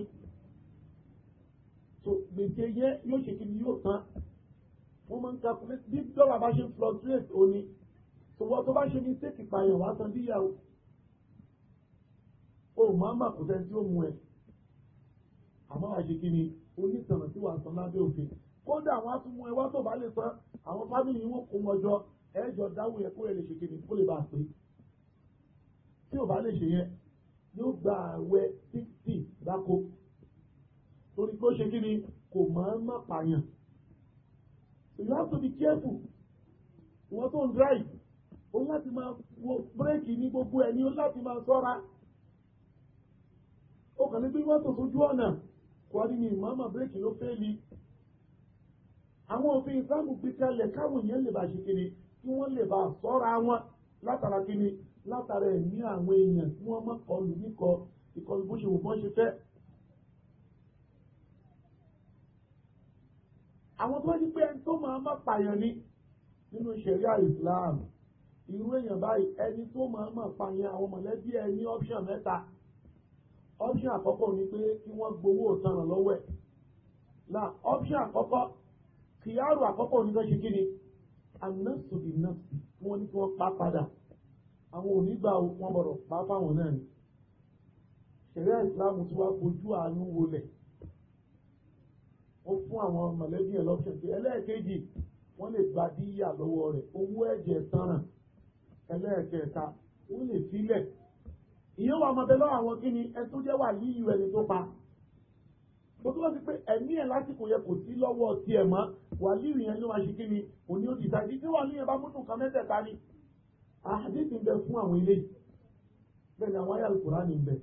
so gbèsè yẹn yóò ṣe kí ni yóò tán wọ́n máa ń calculate bí dọ́là bá ṣe fluctuate òní so wọ́n tó bá ṣe mistake ìpààyàn wá san díyàwó o máa mà kò sẹ́ni tí ó mú ẹ àmọ́ àṣẹ kí ni onítànà tí wàá san lábẹ́ òfin kódà wàá tún mú ẹ wá tó bá lè san àwọn fámìlì yìí wọ́n kó wọn jọ ẹ̀jọ̀ dáwọ́ yẹ kó lè ṣe kí ni kó lè bá a pé tí ò bá lè ṣe yẹn yóò gba àwẹ̀ sixty gbáko torí pé ó ṣe kí ni kò máa má pààyàn you have to be careful wọ́n tó ń drive òun láti máa wo bírèkì ní gbogbo ẹ̀ ní ó láti máa ṣọ́ra ó kàn ní pé wọ́n tò sójú ọ̀nà kwari ni màmá bírèkì ló fẹ́ li àwọn òfin ìsáàmù gbé kalẹ̀ káwọn èèyàn lè bá ṣe kiri kí wọ́n lè bá sọ́ra wọn látara kiri látara ẹ̀mí àwọn èèyàn tí wọ́n mọ̀ kọlù níkọ ìkọlù bó ṣe wò bọ́n ṣe fẹ́. àwọn tó ní pé ẹni tó máa má pààyàn ni nínú ṣẹ̀ríà Islam irú èèyàn báyìí ẹni tó máa má pààyàn àwọn mọ̀lẹ́bí ẹni option mẹ́ta option àkọ́kọ́ ni pé kí wọ́n gbowó ìtanràn lọ́wọ́ ẹ̀ la option àkọ́kọ́ kìyàrù àkọ́kọ́ ni wọ́n ṣe kí ni anásòbí náà tí wọ́n ní kí wọ́n pa padà àwọn onígbà wọn bọ̀rọ̀ pa fáwọn náà ni ṣẹ̀rẹ́ ìsìlámù tí wàá fojú àánú wọlé wọ́n fún àwọn mọ̀lẹ́bí ẹ̀ lọ́pṣọ̀n pé ẹlẹ́ẹ̀kejì wọ́n lè gba díyà lọ́wọ́ rẹ̀ owó ẹ̀jẹ̀ tanràn ẹlẹ́ẹ̀kẹta wọ́n lè sílẹ̀ ìyẹn wà máa bẹ lọ́wọ́ àwọn kí ni ẹni tó jẹ́ wà yí ìwé ẹni tó pa tó tó ti pé ẹ̀mí ẹ̀ lásìkò yẹ kò sí lọ́wọ́ tiẹ̀ mọ́ wàlíù yẹn ló wá ṣe kí ni òní ó ti ta ìdí tí wàlíù yẹn bá mú nǹkan mẹ́tẹ̀ẹ̀ta ni àdéhùn bẹ fún àwọn eléyìí bẹ́ẹ̀ ni àwọn ayé Al-Kùránì ń bẹ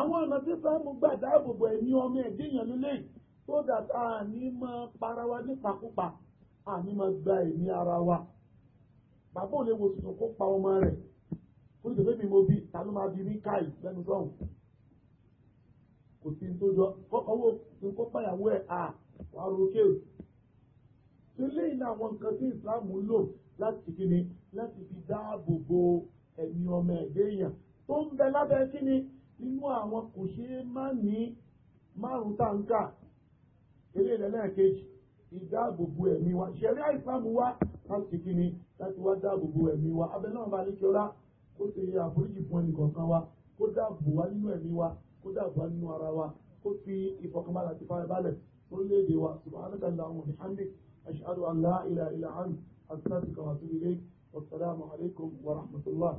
àwọn ọ̀nà tí sáàmù gbà dáàbòbò ẹ̀mí ọmọ ẹ̀dẹ́ yẹn lélẹ̀ tó dàtà àní ó sì fẹ́ mi mo bí ta ló máa bí mí káì lẹ́nu sọ́hùn kò sí ní tó jọ kọ́kọ́wó tó kọ́ báyàwó ẹ̀ à wàá rókè o tó léyìn náà àwọn nǹkan tí Islam ń lò láti kí ni láti fi dáàbò bo ẹ̀mí ọmọ ẹ̀dẹ́ èèyàn tó ń bẹ lábẹ́ kí ni nínú àwọn kò ṣeé má ní márùn táǹkà eléyìí lẹ́lẹ́kejì ìdáàbòbò ẹ̀mí wa ṣẹ̀ríà Islam wá láti kí ni láti wá dáàbòbò ẹ̀mí wa abẹ náà balẹ̀ kí ọlá kó ṣe àforíjì fún ẹnì kọ̀ọ̀kan wa kó dáàbò wá nínú ẹ̀mí wa kó dáàbò wá nínú ara wa kó fi ìfọkànbalẹ̀ àti farabalẹ̀ orílẹ̀-èdè wa subhanaka allahumma wa bihamdik ashhadu an la ilaha illa anta astaghfiruka wa atubu ilayk alaykum wa rahmatullah.